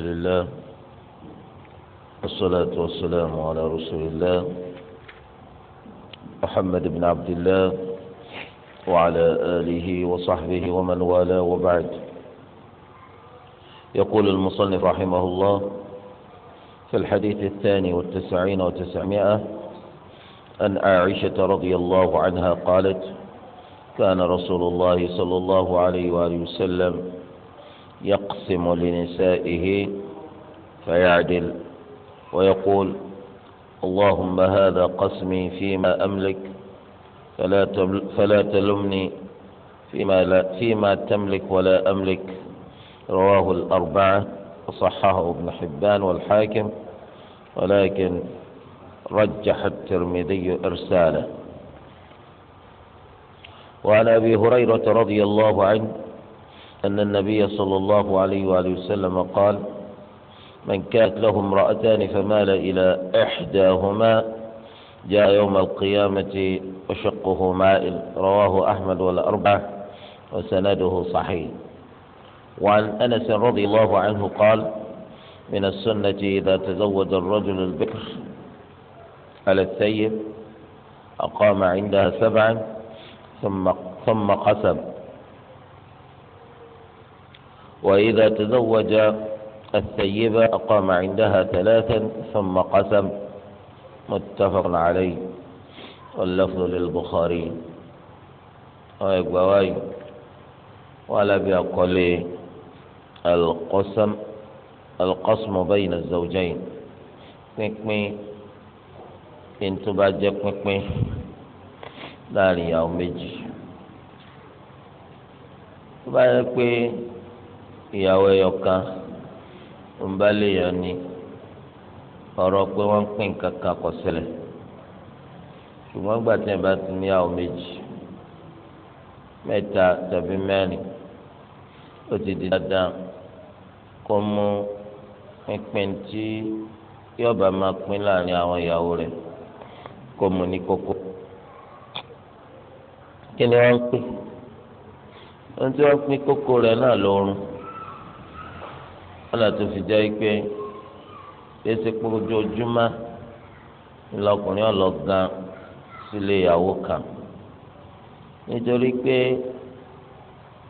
لله والصلاة والسلام على رسول الله محمد بن عبد الله وعلى آله وصحبه ومن والاه وبعد يقول المصنف رحمه الله في الحديث الثاني والتسعين وتسعمائة أن عائشة رضي الله عنها قالت كان رسول الله صلى الله عليه وآله وسلم يقسم لنسائه فيعدل ويقول اللهم هذا قسمي فيما أملك فلا فلا تلمني فيما لا فيما تملك ولا أملك رواه الأربعة وصححه ابن حبان والحاكم ولكن رجح الترمذي إرساله وعن أبي هريرة رضي الله عنه أن النبي صلى الله عليه وآله وسلم قال من كانت له امرأتان فمال إلى إحداهما جاء يوم القيامة وشقه مائل رواه أحمد والأربعة وسنده صحيح وعن أنس رضي الله عنه قال من السنة إذا تزوج الرجل البكر على الثيب أقام عندها سبعا ثم ثم قسم وإذا تزوج الثيبة أقام عندها ثلاثا ثم قسم متفق عليه واللفظ للبخاري ويقبوا ولا بيقول القسم القسم بين الزوجين نكمي انت n نكمي bá يوم pínpín láàrin ìyàwó ẹyọkan ń bá lè yọ ni ọ̀rọ̀ pé wọ́n ń pín nǹkan kan kò ṣẹlẹ̀ ṣùgbọ́n gbà tí ẹ̀ bá ti ní àwọn méjì mẹ́ta tàbí mẹ́rin ó ti di dandan kó mú pínpín tí yóò bá máa pín láàrin àwọn ìyàwó rẹ̀ kó mú ní kókó kí ni wọ́n ń pín ohun tí wọ́n pín kókó rẹ̀ náà lọ́rùn ọlọ́run tó fi jẹ́ pé pèsè kúròjọ́júmọ́ ńlọkùnrin ọlọ́gán sílé ìyàwó kan nítorí pé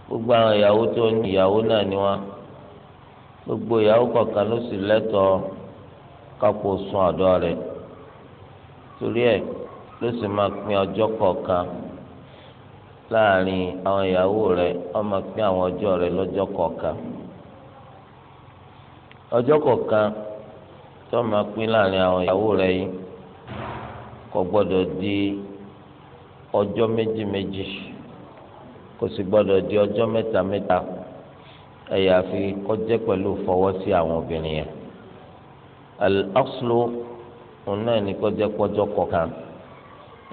gbogbo àwọn ìyàwó tó ní ìyàwó náà ni wọn gbogbo ìyàwó kọ̀ọ̀kan ló sì lẹ́tọ̀ọ́ kápò sun ọ̀dọ̀ rẹ̀ torí ẹ̀ ló sì máa pín ọjọ́ kọ̀ọ̀kan láàrin àwọn ìyàwó rẹ̀ ó máa pín àwọn ọjọ́ rẹ̀ lọ́jọ́ kọ̀ọ̀kan ọjọ́ kọ̀ọ̀kan tó máa pín láàrin àwọn ìyàwó rẹ̀ yìí kò gbọ́dọ̀ di ọjọ́ méjì méjì kò sì gbọ́dọ̀ di ọjọ́ mẹ́ta mẹ́ta ẹ̀yàfi kó jẹ́ pẹ̀lú fọwọ́ sí àwọn obìnrin yẹn al-aslu òun náà ní kó jẹ́ pọ́jọ́ kọ̀ọ̀kan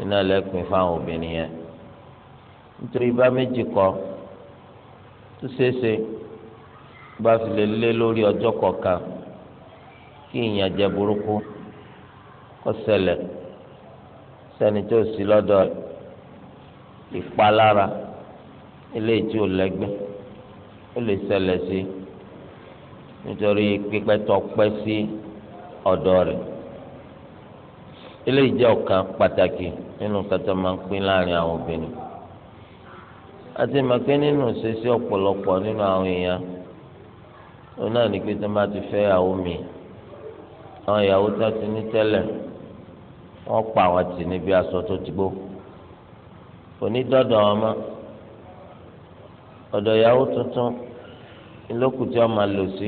iná lẹ́pin fáwọn obìnrin yẹn nítorí bá méjì kọ tó ṣeé ṣe. bá fi lè lé lórí ọjọ́ kọ̀ọ̀kan kí ìyànjẹ burúkú kó ṣẹlẹ̀ sẹ́ni tó sí lọ́dọ̀ ìpalára eléyìí tí ò lẹ́gbẹ́ ó lè ṣẹlẹ̀ sí nítorí pípẹ́ tó pẹ́ sí ọ̀dọ̀ rẹ̀ eléyìí jẹ́ ọ̀kan pàtàkì nínú kẹtọ máa ń pín láàrin àwọn obìnrin àti màkẹ́ ṣe sí ọ̀pọ̀lọpọ̀ nínú àwọn èèyàn. ó náà ní pé tí wọ́n bá ti fẹ́ ìyàwó mi àwọn ìyàwó tó ti ní tẹ́lẹ̀ wọ́n pa àwọn tì níbi aṣọ tó ti gbó onídọ́dọ̀ ọmọ ọ̀dọ̀ ìyàwó tuntun ìlókù tí wọ́n máa lò sí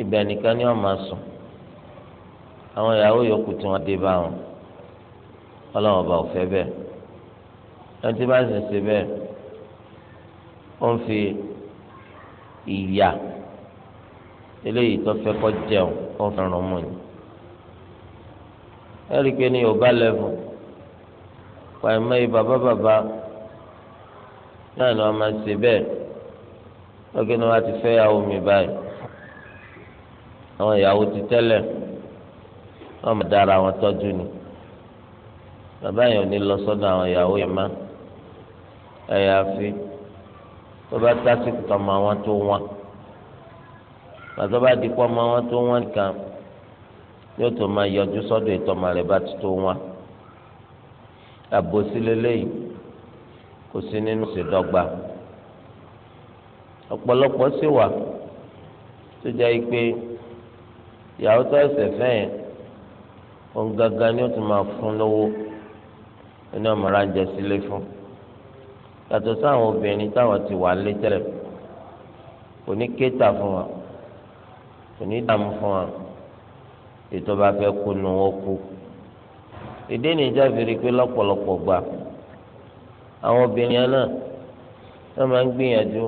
ibẹ̀ nìkan ni wọ́n máa sùn àwọn ìyàwó yòókù tí wọ́n dé bá wọn ọlọ́wọ́n bá ò fẹ́ bẹ́ẹ̀ ẹni tí bá sì ń ṣe bẹ́ẹ̀ ó ń fi ìyà eléyìí tó fẹ́ kọ́ jẹun kó fẹ́ràn mọ́ ni. ẹ̀rí pé ní yorùbá lẹ́fù pàìmọ́ yìí bàbá bàbá náà ni wọ́n máa ṣe bẹ́ẹ̀ lọ́gẹ́ ni wọ́n ti fẹ́ yàwó mi báyìí àwọn ìyàwó ti tẹ́lẹ̀ wọ́n máa dára wọn tọ́jú ni bàbá yẹn ò ní lọ sọ́dọ̀ àwọn ìyàwó yẹn má ẹ̀yà àfi tó bá tásìkò tọmọ àwọn tó wọn pàtó bá di pọ́ ọmọ wọn tó wọn kan yóò tó máa yọjú sọ́dọ̀ ìtọ́mọ rẹ̀ bá ti tó wọn. àbòsí lélẹ́yìn kò sí nínú ìṣèdọ́gba ọ̀pọ̀lọpọ̀ sì wà tó jẹ́ pé ìyàwó tó ẹsẹ̀ fẹ́ yẹn gangan ni ó ti máa fún lówó nínú ọmọọra ń jẹ sílé fún yàtọ̀ sáwọn obìnrin táwọn ti wà lé tẹ́lẹ̀ kò ní kéta fún wọn kò ní dààmú fún wa ètò bá fẹ́ kú nu wọn kú ìdí nìjà fèrè pé lọ́pọ̀lọpọ̀ gbà àwọn obìnrin yẹn náà wọ́n máa ń gbìyànjú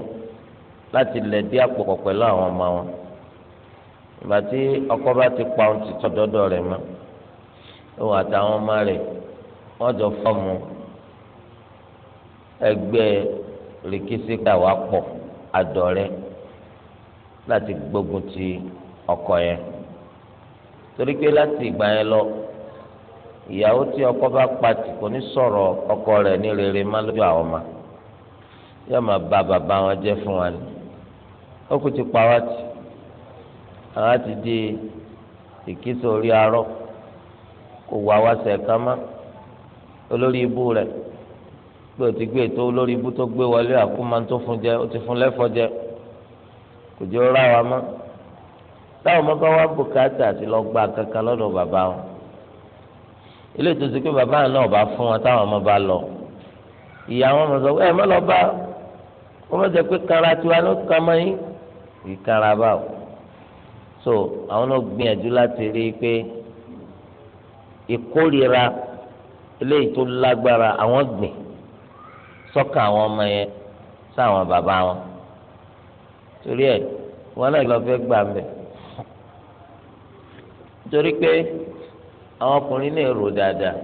láti lẹ̀ dí àpòpọ̀ pẹ̀lú àwọn ọmọ wọn ìgbà tí ọkọ bá ti pa ohun ti tọdọdọ rẹ̀ mọ́ òun àtàwọn ọmọ rẹ̀ wọ́n jọ fọ́ọ̀mù ẹgbẹ́ rìkísí kàwá pọ̀ àdọ̀rẹ́ láti gbógun ti ọkọ yẹn torí pé láti ìgbà yẹn lọ ìyàwó tí ọkọ bá pati kò ní sọ̀rọ̀ ọkọ rẹ̀ ní rere má lójú àwọn ọmọ yóò máa ba bàbá wọn jẹ́ fún wa ni ó kú ti pa wá ti àwọn ti di ìkísọ orí arọ kò wá wá sẹ̀ka má olórí ibú rẹ̀ pé o gbé ètò olórí ibú tó gbé wọlé àkúmá tó fún jẹ o ti fún lẹ́fọ́ jẹ kò jẹ́ ó rà wá mọ́. táwọn ọmọ bá wá bùkátà àti lọ gba kankan lọ́dọ̀ bàbá wọn ilé ìtòsí pé bàbá náà bá fún wọn táwọn ọmọ bá lọ ìyá wọn mọ sọ ẹ má lọ bá wọn mọ sọ pé kanra tiwa ló kàn mọ yín ìkanra bá o so àwọn náà gbìyànjú láti rí i pé ìkórira eléyìí tó lágbára àwọn gbìn sọ́kàn àwọn ọmọ yẹn sáwọn bàbá wọn torí ẹ wọn náà lọ fẹ́ gbà mẹ́ẹ̀ nítorí pé àwọn ọkùnrin náà rò dáadáa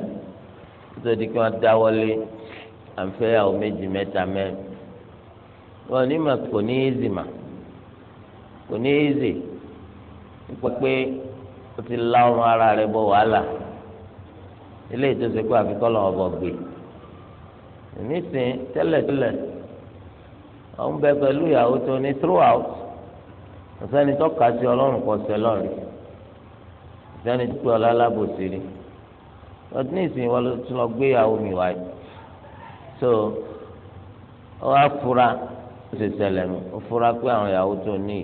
nítorí pé wọ́n dáwọ́lé àǹfẹ́yàwó méjì mẹ́ta mẹ́rin wọn ní mà kò ní ézì mà kò ní ézì nípa pé o ti la ọrùn ara rẹ bọ wàhálà ilé ìjọsìn pé àfikọ́ lọ́wọ́ bọ̀ gbé nísìn tẹ́lẹ̀tẹ́lẹ̀ àwọn bẹ pẹ̀lú ìyàwó tó ní throughout ọ̀sẹ́ni tọ́ka sí ọlọ́run kọ́ sẹ́lọ́run sẹ́ni tí ọlá alábòsí rí ọdún ní ìsìn wọn tún lọ gbéyàwó mi wáyé so ó wá fura ó sì ṣẹlẹ̀ nù ó fura pé àwọn ìyàwó tó ní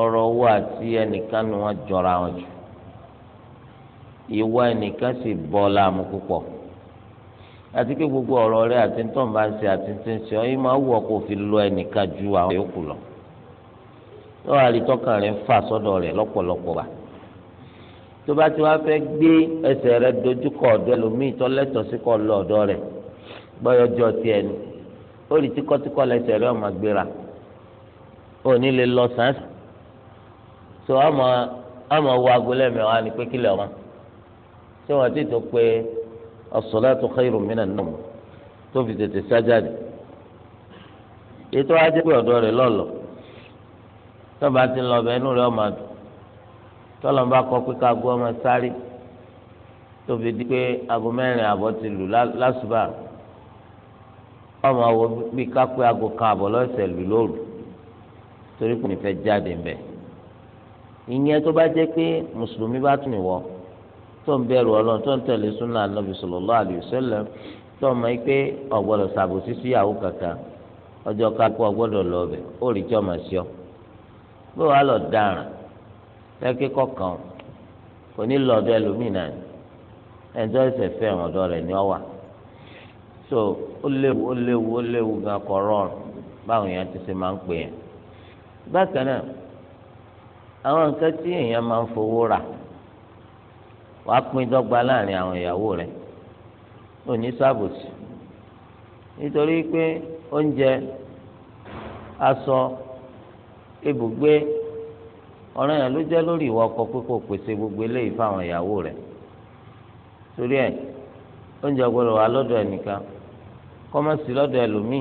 ọ̀rọ̀ owó àti ẹnìkan ni wọ́n jọra wọn jù ìwà ẹnìkan sì bọ́ láàmú púpọ̀ àti pé gbogbo ọ̀rọ̀ rẹ̀ àti tó ń bá ń ṣe àti tó ń yìí máa wù ọ́ kó fi lọ ẹnìkan ju àwọn yòókù lọ lọ́wọ́ àlìtọ́kàn rẹ̀ ń fà sọ́dọ̀ rẹ̀ lọ́pọ̀lọpọ̀ wa tó bá ti wá fẹ́ gbé ẹsẹ̀ rẹ̀ dojúkọ ọ̀dọ̀ ẹlòmíì tó lẹ́tọ̀ọ́ sí kọ́ lọ ọ̀dọ̀ rẹ̀ gbọ́yọ̀jọ́ tiẹ̀ ni ó rí tíkọ́tíkọ́ lẹ́sẹ̀ rẹ̀ ọ̀ma gbéra ó ní lè lọ sàn án tó àmọ́ àmọ́ wo aago lẹ́mẹ̀wá ni pé kílẹ̀ wọn tí wọ́n ti tó pé as-salatu khayrun minan nawm tó fi tètè sájáde ètò ajẹ́ pé ọ̀dọ̀ rẹ̀ lọ́lọ́ọ́ tọ́ba ti lọ bẹ́ẹ̀ nù rẹ̀ ọmọ àdùn tọ́lọ́mù bá kọ́ pé kágo ọmọ sáré tóbi di pé aago mẹ́rin àbọ̀ ti lù lásùbà ọmọ wo bí kápẹ́ aago kan àbọ̀ lọ́sẹ̀ lù lóru torí kò ní fẹ́ jáde ń bẹ̀. ìyẹn tó bá jẹ́ pé mùsùlùmí bá tún ìwọ tó ń bẹ̀rù ọlọ́run tó ń tẹ̀lé súnà nàbì sallallahu alaihi tó mọ̀ pé ọ̀gbọ́dọ̀ ṣàbòsí síyàwó kankan ọjọ́ kápẹ́ ọgbọ́dọ̀ lọ bẹ̀ ó rí jọ́ màá ṣíọ́ bí wàá lọ dáràn lẹ́kẹ́ kọ̀ọ̀kan kò ní lọ ẹlòmíì náà ni ẹ̀ńtọ́ ẹsẹ̀ fẹ́ ọ̀dọ́ rẹ̀ ni ọ wà so ó léwu ó léwu ó léwu gan kọ rọrùn báwọn èèyàn ti ṣe máa ń pè yẹn bákan náà àwọn nǹkan tí èèyàn máa ń fowó rà wàá pín dọ́gba láàrin àwọn ìyàwó rẹ̀ ò ní sábòsì nítorí pé oúnjẹ aṣọ ibùgbé ọ̀ràn yẹn ló jẹ́ lórí ìwà ọkọ pé kò pèsè gbogbo eléyìí fáwọn ìyàwó rẹ̀ torí ẹ̀ oúnjẹ gbọ́dọ̀ wà lọ́dọ̀ ẹnìkan kọ́mọ́sì lọ́dọ̀ ẹlòmíì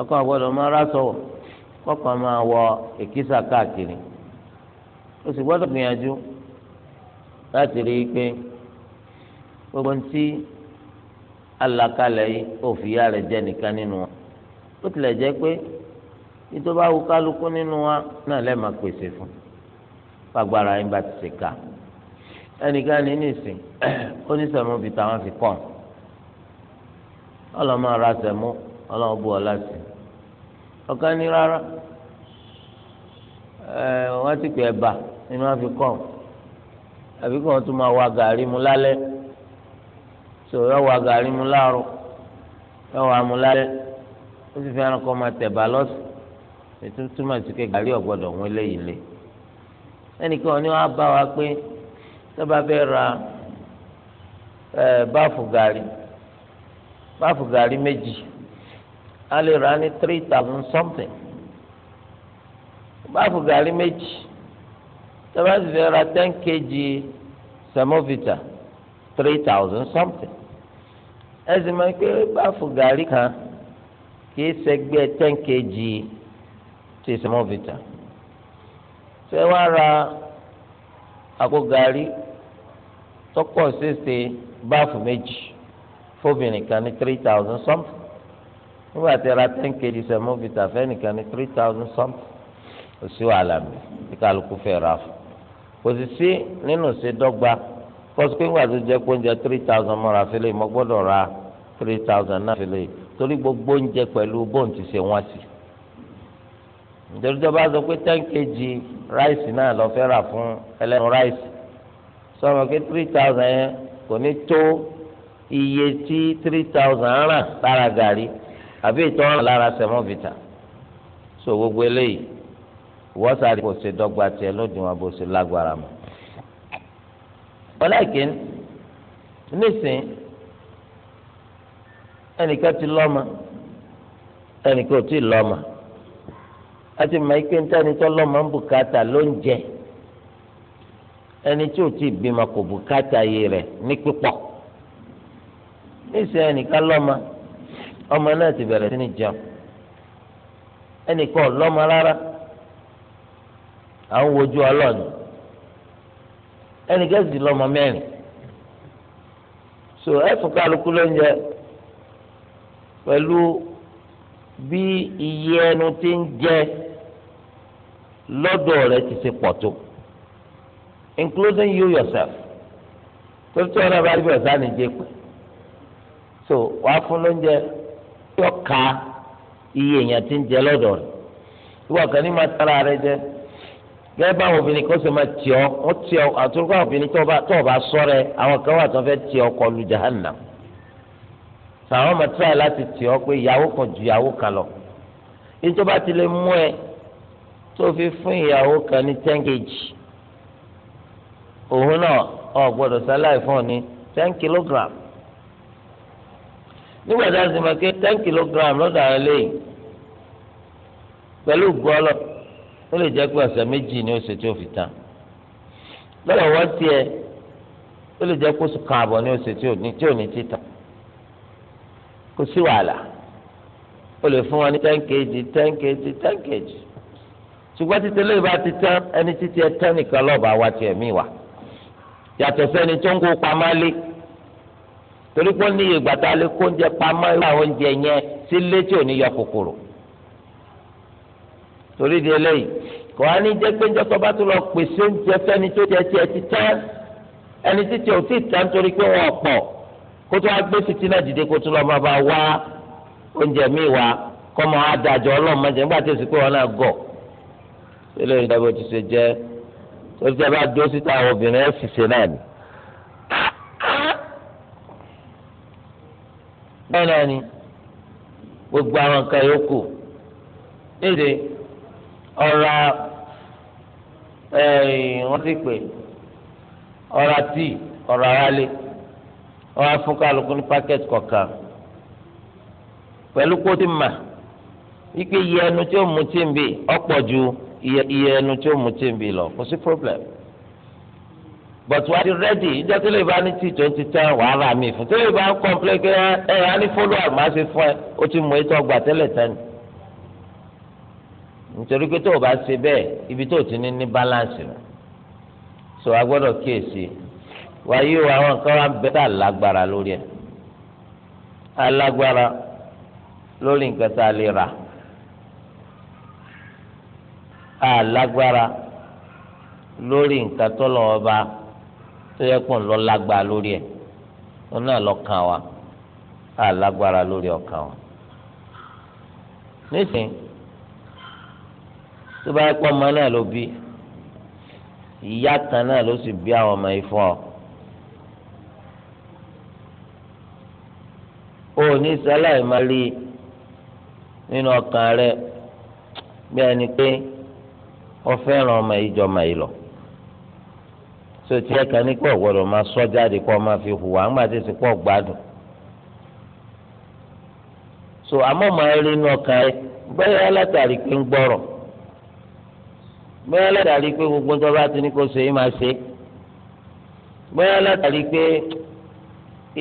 ọkọ àgbọ́dọ̀ máa rásọ̀wọ̀ kọ́kàn máa wọ èkísà káàkiri ó sì gbọ́dọ̀ gbìyànjú láti rí i pé gbogbo ń tí alákalẹ̀ yìí òfìyà rẹ̀ jẹ́ nìkan nínú wọn ó tilẹ̀ jẹ́ pé nítorí bá wù kálukú nínú wa náà lẹ́ẹ̀ máa pèsè fún fagbára yín bá ti ṣe ká ẹnìkan ní nìsín ó ní sẹ̀mú bíi táwọn fi kọ́ ọlọ́mọ ara sẹ̀mú ọlọ́mọ bú ọ láti ọ̀kan ní rárá wọ́n ti pè é nínú wọn fi kọ́ àbí kí wọ́n tún máa wa gàrí mu lálẹ́ so yọ wa gàrí mu láàárọ̀ yọ wa mu lálẹ́ ó sì fẹ́ràn kọ́ máa tẹ̀ bá lọ́sùn ètò túmọ̀ sí pé gàrí ọ̀gbọ́dọ̀ wọn léyìí lé ẹnìkan ni wọn á bá wa pé tó bá fẹ́ ra báfù gàrí báfù gàrí méjì a lè ra ní three thousand something báfù gàrí méjì tó sì fẹ́ ra ten kg semovita three thousand something ẹ sì máa ń pé báfù gàrí kan kì í ṣẹgbẹ́ ten kg tí èsì mọ́ fi tà ṣé wàá ra àpò gàrí tọkọ ṣèṣe báàfù méjì fóbìnrin kan ní three thousand something nígbà tí ra ten kg sẹ̀mọ́fìtà fẹ́nìkan ní three thousand something kò sí wàhálà mi tí kálukú fẹ́ ra fún kò sì sí nínú ìṣèdọ́gba kọ́sí pé ńgbà tó jẹ́ pé oúnjẹ three thousand mọ́ra fílẹ̀ mo gbọ́dọ̀ ra three thousand náà fílẹ̀ torí gbogbo oúnjẹ pẹ̀lú bóun ti ṣe wọ́n sí i nítorí tó bá sọ pé ten kg ráìsì náà lọ fẹ́ rà fún ẹlẹ́nu ráìsì sọ̀rọ̀ pé three thousand yẹn kò ní tó iye tí three thousand ràn lára gàrí àbí ìtọ́ràn lára sẹ̀mọ́vìtà so gbogbo eléyìí wọ́n sáré kò ṣe dọ́gba tiẹ̀ lóde wọn bó ṣe lágbára mọ́. ọlẹ́kìn nísìn ẹnìkan ti lọ́mọ ẹnìkan ò tí ì lọ́mọ láti mọ ike ni tó lọ́mọ ń bùkátà ló ń jẹ ẹni tí ò tí ì bímọ kò bùkátà yìí rẹ̀ ní pípọ̀ níṣẹ́ ẹnìkan lọ́mọ ọmọ náà ti bẹ̀rẹ̀ sí ní jẹun ẹnìkan lọ́mọ rárá à ń wojú ọlọ́ọ̀ni ẹnìkan sì lọ́mọ mẹ́rin so ẹ̀sùn kálukú ló ń jẹ pẹ̀lú bí iye ẹnu ti ń jẹ lọ́dọ̀ rẹ ti ṣe pọ̀ tó including you yourself torí tí wọn náà bá rí bẹ̀rẹ̀ sáà ní jẹ́ pé so wàá fún lóúnjẹ yọ ká iye èèyàn ti ń jẹ lọ́dọ̀ rẹ ìwọ kan ní máa tara rẹ jẹ gẹ́gẹ́ bá àwọn obìnrin kan ṣe máa tì ọ́ wọ́n tì ọ́ àtúrúkọ àwọn obìnrin tó o bá sọ rẹ àwọn kan wà tó fẹ́ tì ọ́ kọlu jahannam sàwọn máa tíráì láti tì ọ́ pé ìyàwó kan ju ìyàwó kan lọ ìjọba ti lè mú ẹ tó fi fún ìyàwó kan ní ten kg òun náà ọ gbọ́dọ̀ sáláì fún ọ ní ten kilogram nígbà tá a sì máa ké ten kilogram lọ́dọ̀ àwọn eléyìí pẹ̀lú gbọ́lọ̀ ó lè jẹ́ pé ọ̀sẹ̀ méjì ni oṣù tí ó fi tán lọ́dọ̀ wọ́n tiẹ̀ ó lè jẹ́ kóṣù kan àbọ̀ ní oṣù tí ò ní tí ò kò sí wàhálà ó lè fún wọn ní ten kg ten kg ten kg ṣùgbọ́n títí lè bá ti tán ẹni títí ẹ tán nìkan lọ́ọ̀bà wa tiẹ̀ mí wá yàtọ̀ sẹ́ni tó ń kó pamọ́ lé torí pé ó ní ìgbà tá a lè kó oúnjẹ pamọ́ irú àwọn oúnjẹ yẹn sí létí ò ní yọ kòkòrò torí di eléyìí kò á ní jẹ́ pé ń jọ́tọ̀ bá tó lọ pèsè oúnjẹ fẹ́ni tó jẹ tiẹ̀ ti tán ẹni títí ò tí tán torí pé wọ́n pọ̀ kó tó wá gbé fìtínà dìde kó tó lọ máa bá wá oúnjẹ míì wá kọ́ mọ́ adájọ́ ọlọ́mọdé eléyìí dábò ti ṣe jẹ́ torí tí a bá dúró síta àwọn obìnrin ẹ̀ ṣìṣe náà ni. bẹ́ẹ̀ náà ni gbogbo àwọn nǹkan ọ̀rá wọ́n ti pè ọ̀rá tíì ọ̀rá wálé ọ̀rá fún kálukú ní pákẹ́tì kọ̀ọ̀kan pẹ̀lú kó ti mà wípé iye ẹnu tí ó mú tí ń ju. iye iye ẹnu tí ó mú tí ń bi lọ kò sí problem but wàá di rẹ́dì ìjọ tó lè bá ní tí tó ti tán wàhálà mi fún tó lè bá ń kọ́ńplé pé ẹ ẹ á ní fọ́lọ́ọ̀ má ṣe fún ẹ ó ti mú ètò ọgbà tẹ́lẹ̀ tán nítorí pé tó o bá ṣe bẹ́ẹ̀ ibi tó o ti ní ní balance rẹ̀ so a gbọ́dọ̀ kíyèsí wàyí o àwọn kan wá ń bẹ tá a lágbára lórí ẹ̀ alágbára lórí nǹkan tá a lè rà. alágbára lórí nǹkan tó lọ́wọ́ bá tó yẹ kó ń lọ lórí ẹ̀ wọn náà lọ kàn wá alágbára lórí ọkàn wa. tó bá yẹ ọmọ náà ló bí ìyá náà ló sì bí àwọn ọmọ ifo o ní sẹ́láì máa rí nínú rẹ bí ẹni pé. ọfẹ́ràn ọmọ yìí jọ ọmọ yìí ti sotí ẹ̀ka ní kó ọ̀gbọ́dọ̀ máa sọ jáde kó máa fi hùwà ńgbà tí pọ̀ gbádùn so àmọ́ màá rí inú ọkàn rẹ bẹ́ẹ̀ látàrí pé ń gbọ́rọ̀ bẹ́ẹ̀ pé gbogbo ń tọ́ba ti ní kó ṣe é máa ṣe bẹ́ẹ̀ pé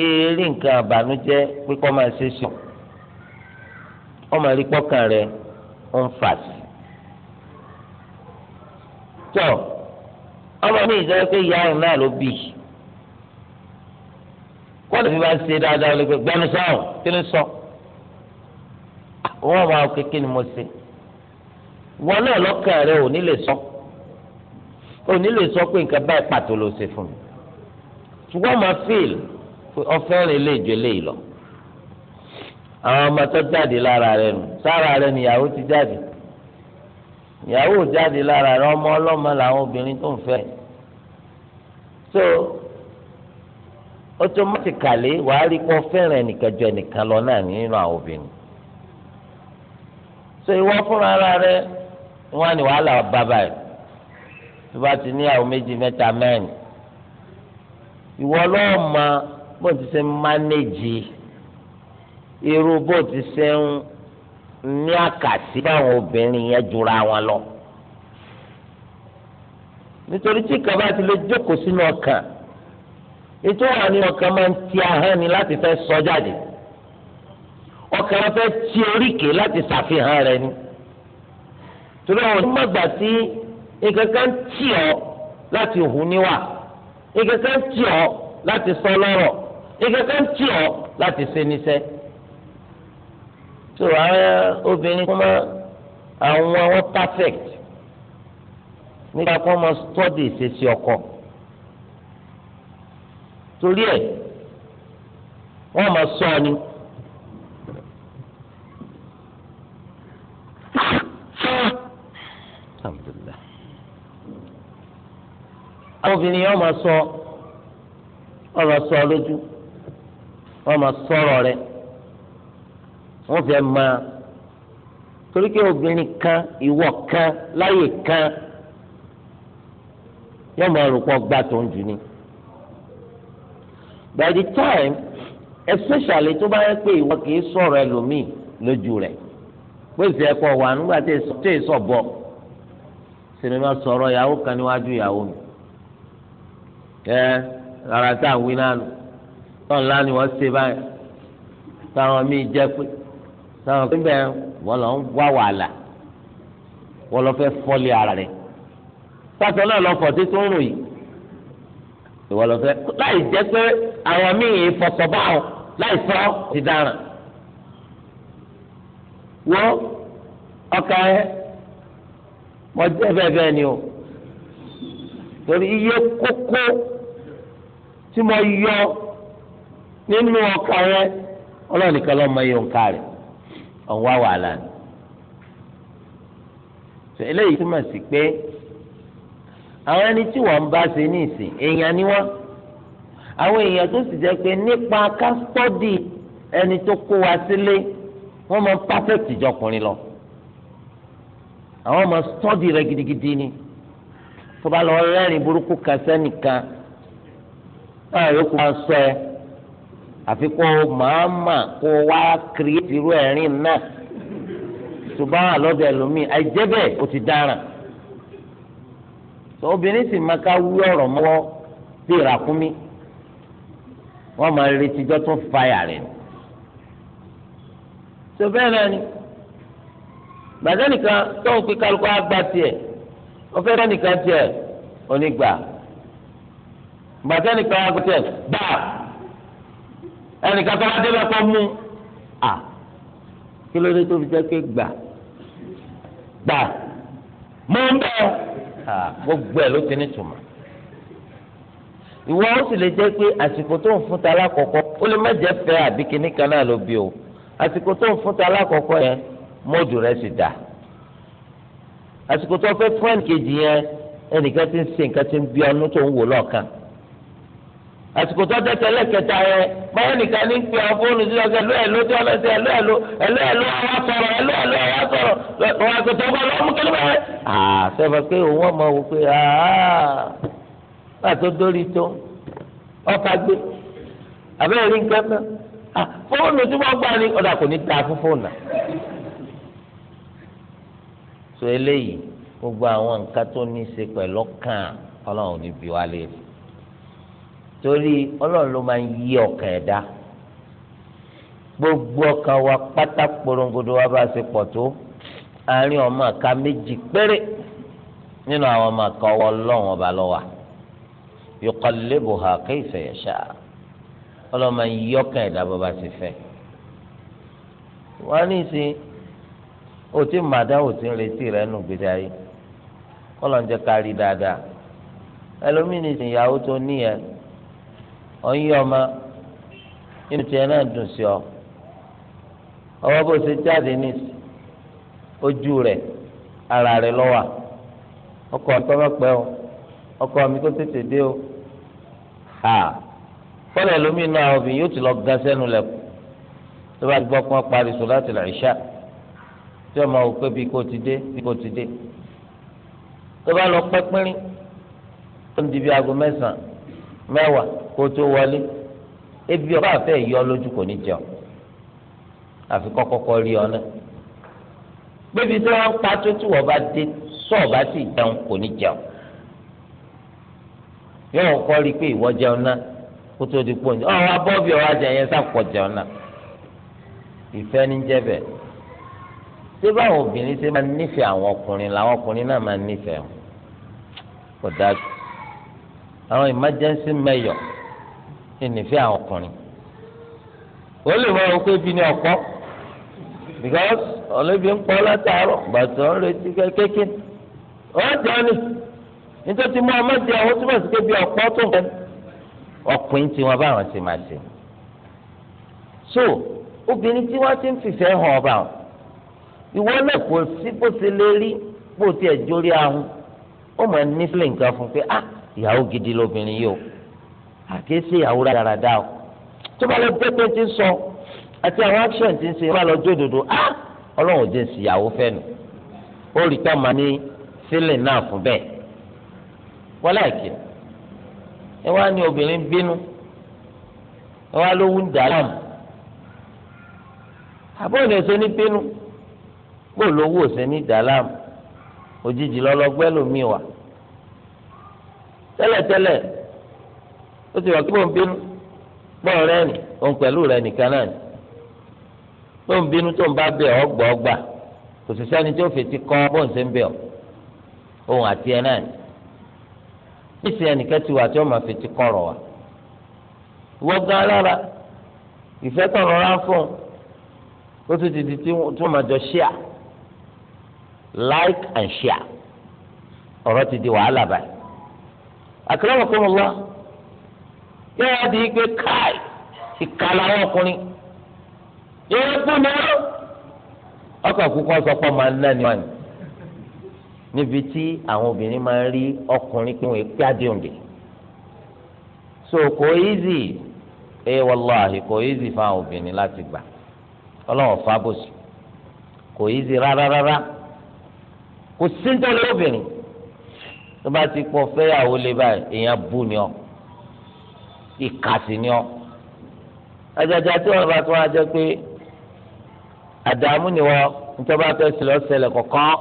eré nǹkan àbànújẹ́ pé kó máa ṣe sùn ọmọ tó ọmọ mi ìjọba pé ìyá òun náà ló bì kọ́dà bí wọ́n ṣe dáadáa ló gbé gbẹ́nu sọ́ọ̀ kí ló sọ wọ́n máa ni mo ṣe wọn náà lọ́kàn rẹ ò ní lè sọ ò ní lè sọ pé nǹkan báyìí pàtó ló ṣe fún mi ṣùgbọ́n máa fíìl ọ̀fẹ́ rìn lè jọ eléyìí lọ àwọn ọmọ tó jáde lára rẹ nù ti jáde ìyàwó jáde lára rẹ̀ ọmọ ọlọ́mọ làwọn obìnrin tó ń fẹ́ so automatically wàá rí kó fẹ́ràn ẹnìkan jọ ẹnìkan lọ náà nínú àwọn obìnrin so ìwọ fúnra ara rẹ̀ wọn ni wàhálà bá báyìí tó bá ti níyàwó méjì mẹ́ta mẹ́rin ìwọ lọ́ọ́ mọ bó ti ṣe mánéjì irú bó ti ṣe ń ní àkàtì báwọn obìnrin yẹn jura wọn lọ nítorí tí kan bá ti lè jókòó sínú ọkàn ètò wà ní ọkàn máa ń ti ahọ́n ni láti fẹ́ sọ jáde ọkàn máa fẹ́ ti oríkèé láti ṣàfihàn rẹ̀ ni torí àwọn onímọ̀gbà tí nǹkan kan tì ọ́ láti hù níwà nǹkan kan tì ọ́ láti sọ lọ́rọ̀ nǹkan kan tì ọ́ láti ṣe níṣẹ́ so àwọn obìnrin kọ́ máa àwọn àwọn perfect nígbà kọ́ máa study ìṣesí ọkọ torí ẹ̀ wọ́n máa sọ ni. àwọn obìnrin yẹn wọ́n máa sọ wọ́n máa sọ lójú wọ́n máa sọ̀rọ̀ rẹ̀ wọ́n fẹ́ ma, torí pé obìnrin kan ìwọ kan láyè kan yóò máa rò pọ̀ gbà tó ń jù ni by the time especially tó bá yẹ pé ìwọ kì í sọ̀rọ̀ ẹlòmíì lójú rẹ̀ pé ìfẹ́ ẹ̀kọ́ wà nígbà tó èso bọ̀ sinimá sọ̀rọ̀ ìyàwó kan níwájú ìyàwó mi ẹ rárá tá à ń wí náà nù tọ́nlá ni wọ́n ṣe báyìí táwọn míì jẹ́ pé sọ̀rọ̀ pé bẹ́ẹ̀ wọ́n lọ ń wá wàhálà wọ́n lọ fẹ́ fọ́lé ara rẹ̀ sọ́sọ́ náà lọ fọ̀ títún rùn yìí ìwọ lọ fẹ́ láì jẹ́ pé àwọn míì fọ̀tọ̀ báwọn láì sọ ti dáràn wọ́n ọkà ẹ mọ jẹ́ bẹ́ẹ̀ bẹ́ẹ̀ ni o torí iye kókó tí mo yọ nínú ọkà rẹ ọlọ́ọ̀nìkan lọ́ọ́ mọ iye òǹkà rẹ̀ ọ̀wá wàhálà ni. sọ eléyìí túmọ̀ sí pé àwọn ẹni tí wọ́n ń bá ṣe ní ìsìn èèyàn ni wọ́n àwọn èèyàn tó sì jẹ́ pé nípa kásítọ́dì ẹni tó kó wa sílé wọ́n máa pàfẹ́tì jọkùnrin lọ àwọn máa sọ́dì rẹ̀ gidigidi ni tó bá lọ rẹ́rìn burúkú kan sẹ́nìkan báyọ̀ yóò kó wọn sọ ẹ́ àfi kó o máa mà kó o wá kírìtì irú ẹ̀rín náà ṣùgbọ́n àlọ́dẹ lómi àìjẹ́ bẹ́ẹ̀ o ti dáràn tó obìnrin sì máa ká wú ọ̀rọ̀ mọ́wọ́ bí ìràkúnmí wọ́n máa retí jọ́ tó fàyà rẹ̀ ni tó bẹ́ẹ̀ náà ni gbàdá nìkan tó o fi kálukú àgbà tiẹ̀ o fẹ́ dánìkan tiẹ̀ onígbà gbàdá nìkan àgbà tiẹ̀ gbà ẹnìkan tó bá débẹ̀ kọ́ mú à kí ló dé tó fi jẹ́ pé gbà gbà mọ́ ń bọ̀ à gbogbo ẹ̀ ló ti ní tùmọ̀ ìwọ ó sì lè jẹ́ pé àsìkò tó ń fún ta lákọ̀ọ́kọ́ ó lè má jẹ́ fẹ́ àbí kíní kan náà ló bí o àsìkò tó ń fún ta lákọ̀ọ́kọ́ yẹn mọ́ọ̀dù rẹ̀ sì dà àsìkò tó fẹ́ fún ẹnìkejì yẹn ẹnìkan ti ń ṣe nǹkan ti ń bí ọnú tó ń wò lọ́ọ̀kan àsìkò tó dé tẹ́lẹ̀ kẹta yẹ báyọ̀ nìkan ní pé àwọn fóònù sí ọ̀sẹ̀ ẹ̀lú ẹ̀lú tí wọ́n lọ́sẹ̀ ẹ̀lú ẹ̀lú ẹ̀lú ẹ̀lú ọ̀wá sọ̀rọ̀ ẹ̀lú ẹ̀lú ọ̀wá sọ̀rọ̀ wọn àgbẹ̀tọ̀ ọgbà lọ́mú kí ló bá yẹ. àṣẹfà pé òun ọmọ wò pé pàtó dórí tó ọkà gbé àbẹ́rẹ́ rí nǹkan náà fóònù tí wọ́n gbà ní ọ̀dà kò ní ta fún fóònù náà. so eléyìí gbogbo àwọn nǹkan tó ní í ṣe pẹ̀lú torí ọlọ́run ló máa ń yí ọkàn ẹ̀dá gbogbo ọkàn wa pátá porongodo wa bá ṣe pọ̀ tó àárín ọmọ àka méjì péré nínú àwọn ọmọ àka ọwọ́ ọlọ́run ọba lọ́wà yuqallibuha kayfa yasha ọlọ́run máa ń yí ọkàn ẹ̀dá bó bá ṣe fẹ́ wọ́n ní í òtí màdáwò tí retí rẹ̀ nù gbèdá yìí kọ́lọ̀ ń jẹ́ ká rí dáadáa ẹlòmíì ìyàwó tó níyẹn ọyìn ọmọ inú tiẹ̀ náà dùn sí ọ ọwọ́ bó ṣe jáde ní ojú rẹ̀ ara rẹ̀ lọ́wọ́ ọkọ̀ ọ̀tọ́mọ̀pẹ́ o ọkọ̀ mi kó tètè dé o ha fọlẹ̀ lómìnú àwọn obìnrin yóò ti lọ ga sẹ́nu lẹ̀kọ́ tó bá gbọ́ pọ́n parí sọ̀láàtì l'Ìṣà tí ọmọ òkú bí kò ti dé bí kò ti dé tó bá lọ pẹ́pẹ́rín tó ń di bí aago mẹ́sàn-án mẹ́wàá kó tó wọlé ebi ọba àfẹ yọ lójú kò ní jẹun àfi kọkọkọ rí ọ náà bébí tí wọn pa tó tí wọn bá dé sọ bá sì jẹun kò ní jẹun yóò kọ́ rí i pé ìwọ jẹun náà kó tó di pọ́ǹjẹ ọ wá bọ́ bí ọwọ́ ajẹ yẹn sàpọ̀ jẹun náà ìfẹ́ ní jẹ́ bẹ́ẹ̀ ṣé báwọn obìnrin ṣe máa nífẹ̀ẹ́ àwọn ọkùnrin làwọn ọkùnrin náà máa nífẹ̀ẹ́ wọn kò dájú àwọn emergency measure ìnìfẹ́ àwọn ọkùnrin ó lè wọ́n ọ pé ibi ni ọ̀pọ̀ because ọ̀lẹ́bí ń pọ́ látàárọ̀ bàtà ń retí kékeré wọ́n jẹ́ ọ́nì nítorí mọ́ ọmọ jẹ́ ọ́ túbọ̀ sí kébi ọ̀pọ̀ tó ń kẹ́ni ọkùnrin tí wọ́n bá wọn ṣe máa ṣe so obìnrin tí wọ́n ti ń fìfẹ́ hàn ọba wọn ìwọ náà kò sí bó ṣe lè rí bó tiẹ̀ jórí ahun ó mọ̀ ní fílẹ̀ nǹkan fún pé ah ìyàwó gidi lobìnrin yìí o àkéésì ìyàwó dáradá o tó bá lọ pé pé ti ń sọ àti àwọn action ti ń ṣe bá lọ jódodo á ọlọ́run ò jẹ́ sí ìyàwó fẹ́nu ó rí tọ́ ma ní feeling náà fún bẹ́ẹ̀ wọ́n láìkí ẹ wá ní obìnrin bínú ẹ wá lówó ń dà láàmú àbọ̀ ní ẹsẹ̀ ní bínú kó lówó ọ̀sẹ̀ ní dà láàmú òjijì lọ́lọ́gbẹ́ lómi wà tẹ́lẹ̀tẹ́lẹ̀ ó ti rọ̀ kí bóun bínú bọ́ọ̀ rẹ̀ nì òun pẹ̀lú rẹ̀ nìkan náà ni bóun bínú tóun bá bẹ̀ ọ́ gbọ́ gbà kò sì sẹ́ni tí ó fètí kọ́ bóun ṣe ń bẹ̀ ọ́ òun àti ẹ̀ náà ni níṣì ẹnìkan ti wà tí wọ́n máa fètí kọ́ ọ̀rọ̀ wa ìwọ gan alára ìfẹ́ tọ̀rọ̀ rá fún un ó tún ti di tí wọ́n máa jọ ṣíà like and share ọ̀rọ̀ ti di wàhálà báyìí àkàrà wọ̀ kọ́ mọ́ lọ́wọ́. yóò di ike káì ìkàlà ọkùnrin yóò kú ní ọ. ọkọ̀ kúkọ́ sọ pé máa ń ná ni wọ́n níbi tí àwọn obìnrin máa ń rí ọkùnrin pé wọ́n pé so kò izi ẹ wàláhì kò easy fún àwọn obìnrin láti gbà ọlọ́run fábòsì kò easy rárá rárá kò sí obìnrin tó bá ti pọ̀ fẹ́yàwó lé báyìí èèyàn bú ni ọ ìkàsí ni ọ ajaja tí wọn bá tún wá jẹ pé àdààmú ni wọn nítorí wọn fẹẹ sílẹ̀ ọsẹlẹ kọkàn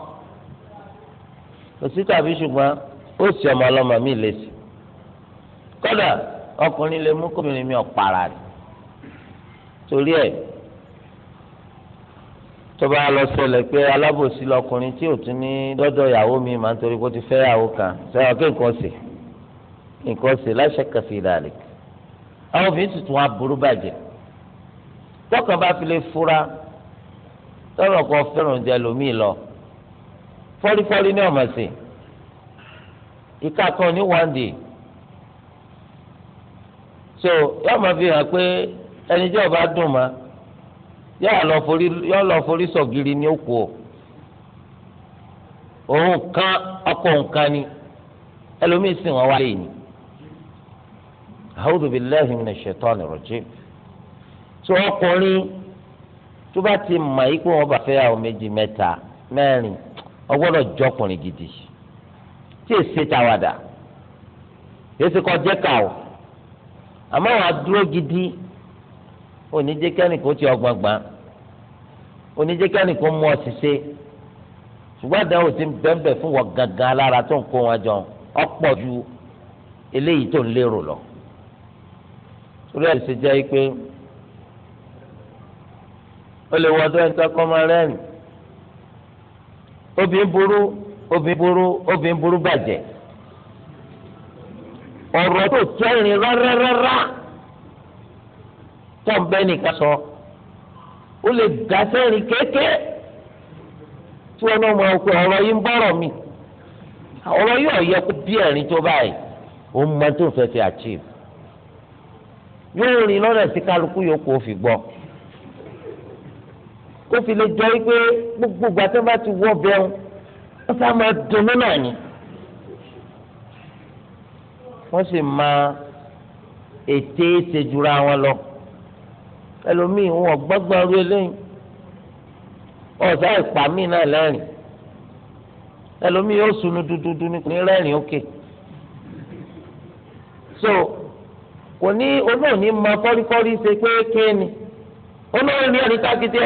òsì tàbí ṣùgbọ́n ó sì ọmọ ọlọ́mọ mi lè sí kódà ọkùnrin lè mú kóbìnrin mi ọ̀pàrà rẹ̀ torí ẹ̀ tó bá lọ ṣẹlẹ̀ pé alábòsí lọkùnrin tí ò tún ní dọ́dọ̀ ìyàwó mi máa ń torí kó ti fẹ́ ìyàwó kan sẹ́wọ́n kí nǹkan ṣe nǹkan ṣe láṣẹ kẹfì ìdàlẹ́ àwọn obìnrin tuntun wa burú bàjẹ́ tọkàn bá fi lè fura tọrọ kan fẹ́ràn jẹ lómi lọ fọ́rífọ́rí ní ọmọ sí ìka kan ní one day so yóò máa fi hàn pé ẹni tí ọba dùn ma yóò lọ forí sọ̀gìrì ní òkú o òun kan ọkọ nǹkan ni ẹlòmíì sì wọn wá lẹ́yìn a'udhu billahi minash shaitani rajim tí ọkùnrin tó bá ti mọ̀ yìí pé wọ́n bá fẹ́ àwọn méjì mẹ́ta mẹ́rin ọgbọ́dọ̀ jọkùnrin gidi tí èsì tàwádà èsì kọ́ jẹ́ ká o àmọ́ wàá dúró gidi onídjékẹ́ni kò ti ọgbọ́n gbà onídjékẹ́ni kò mú ọ ṣiṣẹ́ ṣùgbọ́n àdáwò ti ń bẹ́ńbẹ́ fún wọn gangan lára tó ń kó wọn jọ ọ̀pọ̀ ju eléyìí tó ń lérò lọ orí ẹ̀sìn jẹ́ pé o lè wọ́n tó ẹ̀ ń tọ́kọ́ máa rẹ́rìn obìnrin burú obìnrin burú obìnrin burú bàjẹ́ ọ̀rọ̀ tó tẹ́rìn rárárárá tó ń bẹ́ nìkan sọ o lè dá sẹ́rìn kéékèé tí wọn náà máa pe ọ̀rọ̀ yìí ń bọ̀rọ̀ mi ọ̀rọ̀ yìí ò yẹ kó bí ẹ̀rín tó báyìí ó mọ tó ń fẹ́ fi achieve yóò rìn lọ́nà tí kálukú yòókù ó fi gbọ́ kó fi lè jọ wípé gbogbo ìgbà tó bá ti wọ́ bẹ́ẹ̀ wọ́n sá máa dunnú náà ni wọ́n sì máa ète ṣèjúra wọn lọ ẹlòmíì wọn gbọ́gbọ́n rú eléyìí ọ̀sá ìpà míì náà lẹ́rìn ẹlòmíì yóò sunu dúdúdú ní rẹ́rìn òkè so kò ní olóòní mọ kọ́ríkọ́rí ṣe kéèké ni olóòní ní ẹ̀ríkà gidi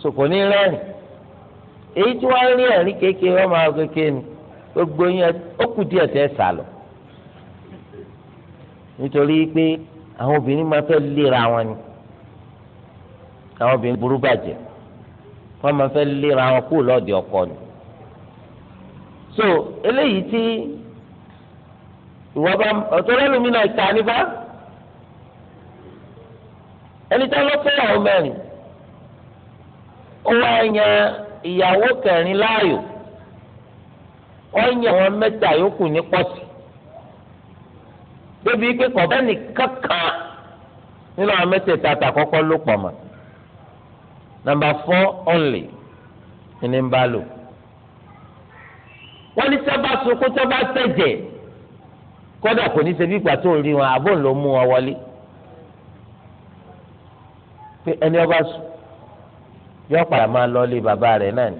so kò ní rẹ́rìn èyí tí wọ́n rí ẹ̀rín kéèké wọ́n máa kéèké ni gbogbo yẹn ó kù díẹ̀ tẹ́ sà lọ nítorí pé àwọn obìnrin máa fẹ́ léra wọn ni àwọn obìnrin burú bàjẹ́ wọ́n máa fẹ́ léra wọn kú lọ́ọ̀dì ọkọ ni so eléyìí tí ìwọ bá ọ̀tọ́rọ́ lómi náà ta nípa ẹni tá ló fẹ́ àwọn mẹ́rin ó wá yan ìyàwó kẹrin láàyò ó yan àwọn mẹ́ta yòókù ní pọ́sì débi pé kọ̀ọ̀bẹ́ nìkan kan nínú àwọn mẹ́tẹ̀ẹ̀ta àtàkọ́kọ́ ló pọ̀ mọ́ number four only ní ń bá lò wọ́n ní sábà sunkún sábà sẹ̀jẹ̀ kódà kò ní ṣe bí ìgbà tó rí wọn àbò ló mú wọn wọlé pé ẹni ọba sùn yọ padà máa lọ lé bàbá rẹ̀ náà ni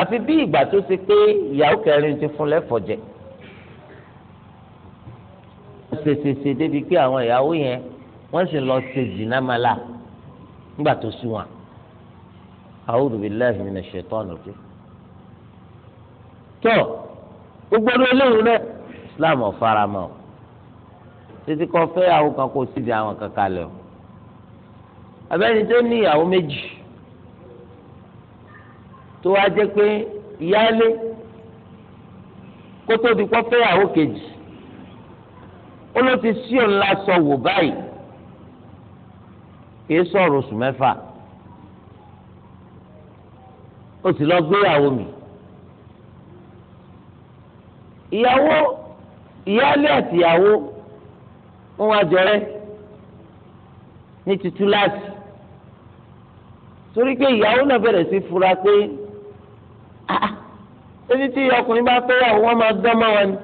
àfi bí ìgbà tó ṣe pé ìyàwó kẹrin ti fún lẹ́fọ̀ọ́ jẹ ṣèṣèṣe débi pé àwọn ìyàwó yẹn wọ́n sì lọ ṣe jìnnàmàlà nígbà tó sùn wọn a'udhu billahi minash shaitani rajim tó gbogbo eléyìí náà islam ọ̀farama o títí kọ́ fẹ́ àwọn kan kó síbi àwọn kan kalẹ̀ o abẹ́ni tó ní ìyàwó méjì tó wá jẹ́ pé ìyáálé kó tó di kọ́ fẹ́ àwọn kejì ó ló ti sí òun lásọ wò báyìí kì sọ̀rọ̀ oṣù mẹ́fà ó sì lọ gbéyàwó mi ìyàwó ìyáálé àtìyàwó wọn wá jọrẹ́ ní tutù láti torí pé ìyàwó náà bẹ̀rẹ̀ sí fura pé ebi ah, ah, tí ọkùnrin bá fẹ́ yàwó wọn máa dán mọ́ wọn ni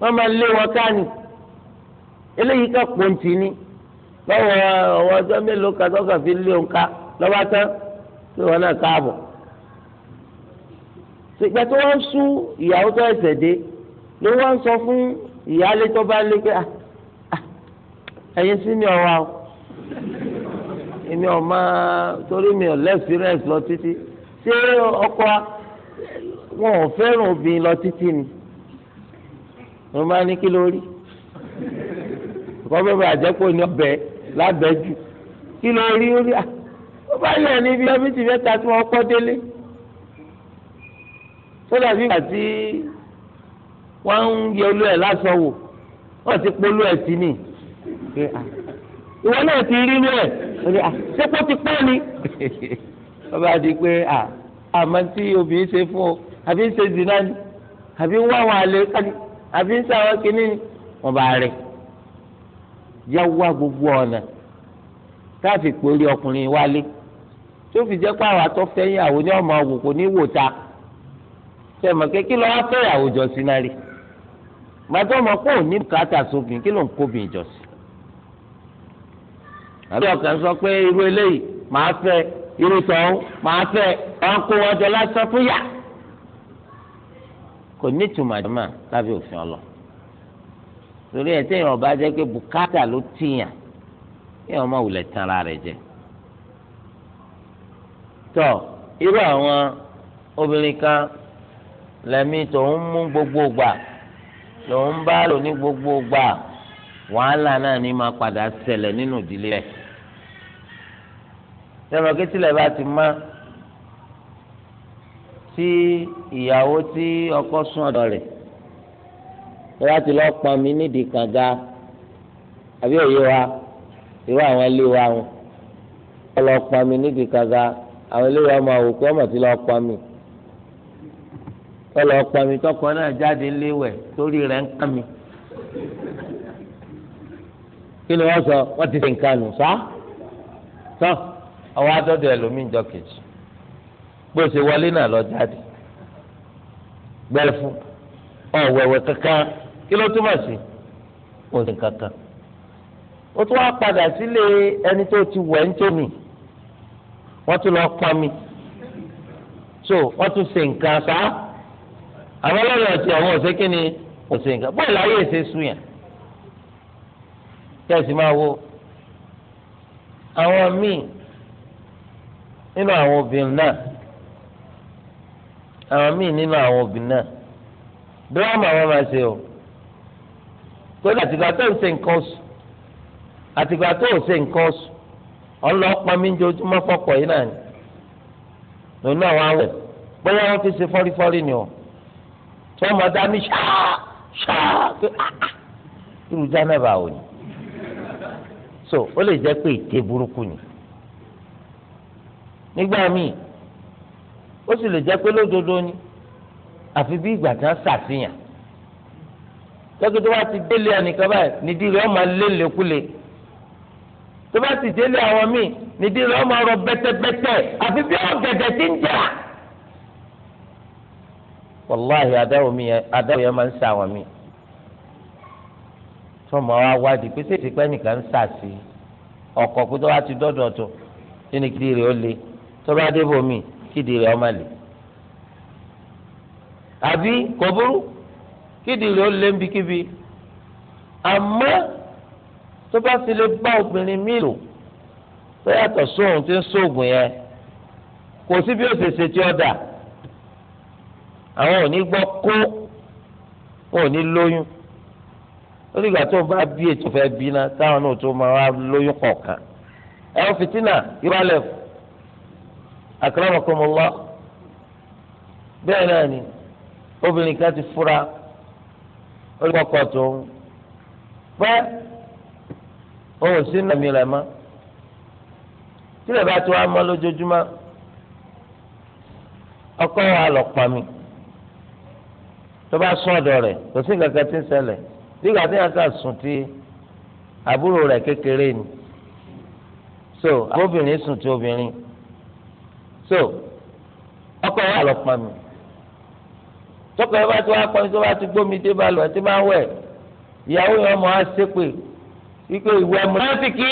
wọn máa lé wọn ká ni eléyìí ká pọ̀ǹtì ni lọ́wọ́ ọwọ́ ọjọ́ mélòó kan tó kàn fi lé òun ká lọ́wọ́ tán pé wọn náà káàbọ̀ ṣùgbọ́n tí wọ́n ń sún ìyàwó tó ẹ̀sẹ̀ dé ló wá ń sọ fún ìyáálé tó bá lé pé ah, ah, ẹ̀yin sí mi ọ̀wá o èmi ọ̀ máa torí mi ò lẹ́sìrẹ́sì lọ títí ṣé ọkọ wọn ò fẹ́ràn obìnrin lọ títí ni wọn máa ní kí ló rí ọkọ bẹ́ẹ̀ bá àjẹpọ̀ ní ọbẹ̀ lábẹ́jù kí ló rí rí à ah, ó bá yẹ níbi ọbí tìfẹ́ ta tí wọ́n kọ́ délé tó dàbí ìgbà tí wọ́n ń yẹ olú ẹ̀ lásán wò wọ́n ti polú ẹ̀ sí ni ah, ìwọ náà ti rí rẹ̀ ah, ṣé ti pẹ́ ni wọ́n bá di pé ah, àmọ́ tí obìnrin ṣe fún ọ àbí ń ṣe zina ni àbí ń wá àwọn àlè kání àbí ń ṣàwọn kìíní ni wọ́n bá rẹ̀ yá wá gbogbo ọ̀nà káfí pòórí ọkùnrin wálé tó fi jẹ́ pé àwọn atọ́fẹ́yàwó ní ọmọ òwò kò ní wò ta ṣe mọ̀ kékeré wọn fẹ́yàwó jọ sí gbàtọ́ ọmọ kò ní bùkátà sóbìn kí ló ń kóbìn ìjọsìn. àbí ọkàn sọ pé irú eléyìí màá fẹ́ irú tọ̀hún màá fẹ́ wọn kó wọn jọ lásán fún yà. kò ní ìtumọ̀ àjọmọ̀ lábẹ́ òfin ọlọ. torí ẹ̀ tẹ́yìn ọba jẹ́ pé bùkátà ló tìyàn kí ọmọ wulẹ̀ tán ara rẹ̀ jẹ. tọ́ irú àwọn obìnrin kan lẹ́mí tòun mú gbogbo gbà lòun bá lò ní gbogbo gbà wàhálà náà ní máa padà ṣẹlẹ̀ nínú ìdílé rẹ̀ sẹ́wọ̀n kẹ́tìlẹ̀ bá ti má tí ìyàwó tí ọkọ sún ọ̀dọ̀ rẹ̀ bóyá ti lọ́ọ́ pọn mi nídìí kànga àbí òye wa irú àwọn ilé wa wọn lọ́ọ́ pọn mi nídìí kànga àwọn ilé wa máa wò pé ọmọ ti lọ́ọ́ pọn mi ọlọ pàmì tọkọ náà jáde léwẹ̀ torí rẹ̀ ń kà mí kí ni wọ́n sọ wọ́n ti fi nǹkan nù sá tọ́ àwọn adọ́dọ̀ ẹlòmíín jọ kejì bó ṣe wọlé náà lọ jáde gbẹ́fún ọ̀wẹ̀wẹ̀ kankan kí ló túmọ̀ sí kò sí kankan ó tún wá padà sílé ẹni tó ti wẹ̀ ń tómi wọ́n tún lọ pọ́n mi so wọ́n tún ṣe nǹkan sáá. àwọn ọlọ́run ọ̀sẹ̀ àwọn ọ̀sẹ̀ kí ni nǹkan bóyá láyé ẹ̀sẹ̀ sùn yàn tẹ̀sí máa wo àwọn míì nínú àwọn obìnrin náà àwọn míì nínú àwọn obìnrin náà máa ṣe o pé àtìgbà tó ń ṣe nǹkan oṣù àtìgbà tó ń ṣe nǹkan oṣù ọlọ́pàá mi ń jojúmọ́ fọ́pọ̀ yìí náà ni lòun náà wọ́n á wẹ̀ fi ṣe fọ́rífọ́rí ni o. tí wọ́n mọ̀ dá ní ṣáá ṣáá pé ah, ah. irú jánàbà ò ní. so ó lè jẹ́ pé ète burúkú ni. nígbà míì ó sì lè jẹ́ pé lódodo ni àfi bí ìgbà tí wọ́n ṣàfihàn tọ́kítí wá ti délé ẹnìkan báyìí nídìí rẹ̀ ọmọ lélẹ́kulè tó bá ti délé àwọn míì nídìí rẹ̀ ọmọ rọ bẹ́tẹ́bẹ́tẹ́ àfi bí ọ̀gẹ̀dẹ̀ ti ń jà. wàláhì adáwò mi adáwò yẹn máa ń sàwọn mi tọmọ wa wádìí pé sèṣì pé nìkan ń sàṣì ọkọ pé tó bá ti dọdọ tó nínú kìdí rẹ ó le tó bá dé bòmí kìdí rẹ ó má le àbí kò burú kìdí rẹ ó lé níbikíbi àmọ́ tó bá ti lè bá obìnrin mi lò tó yàtọ̀ sóhun tí ń sóògùn yẹn kò sí bí ó tí ó dà. àwọn ò ní gbọ́ kó wọn ò ní lóyún lórí tó bá bí ètò fẹ́ bí náà táwọn náà tó máa wá lóyún kọ̀ọ̀kan ẹ̀rọ fìtínà ìrọ̀lẹ́ akramakumullah bẹ́ẹ̀ náà ni obìnrin kan ti fura olùkọ́kọ́ tó ń pẹ́ sí rẹ̀ mọ́ tó bá sún ọ̀dọ̀ rẹ̀ kò sí nǹkan kan tí ń ṣẹlẹ̀ nígbà tí yàtọ̀ sùn ti àbúrò rẹ̀ kékeré ni so obìnrin sùn ti obìnrin so ọkọ yà lọ pọn mi tọkọ yà bá ti wá pọn mi tó bá ti gbómi dé bá lọ ẹ ti máa wẹ̀ ìyàwó yẹn ọmọ á ṣépè wípé ìwé amúnáfíkì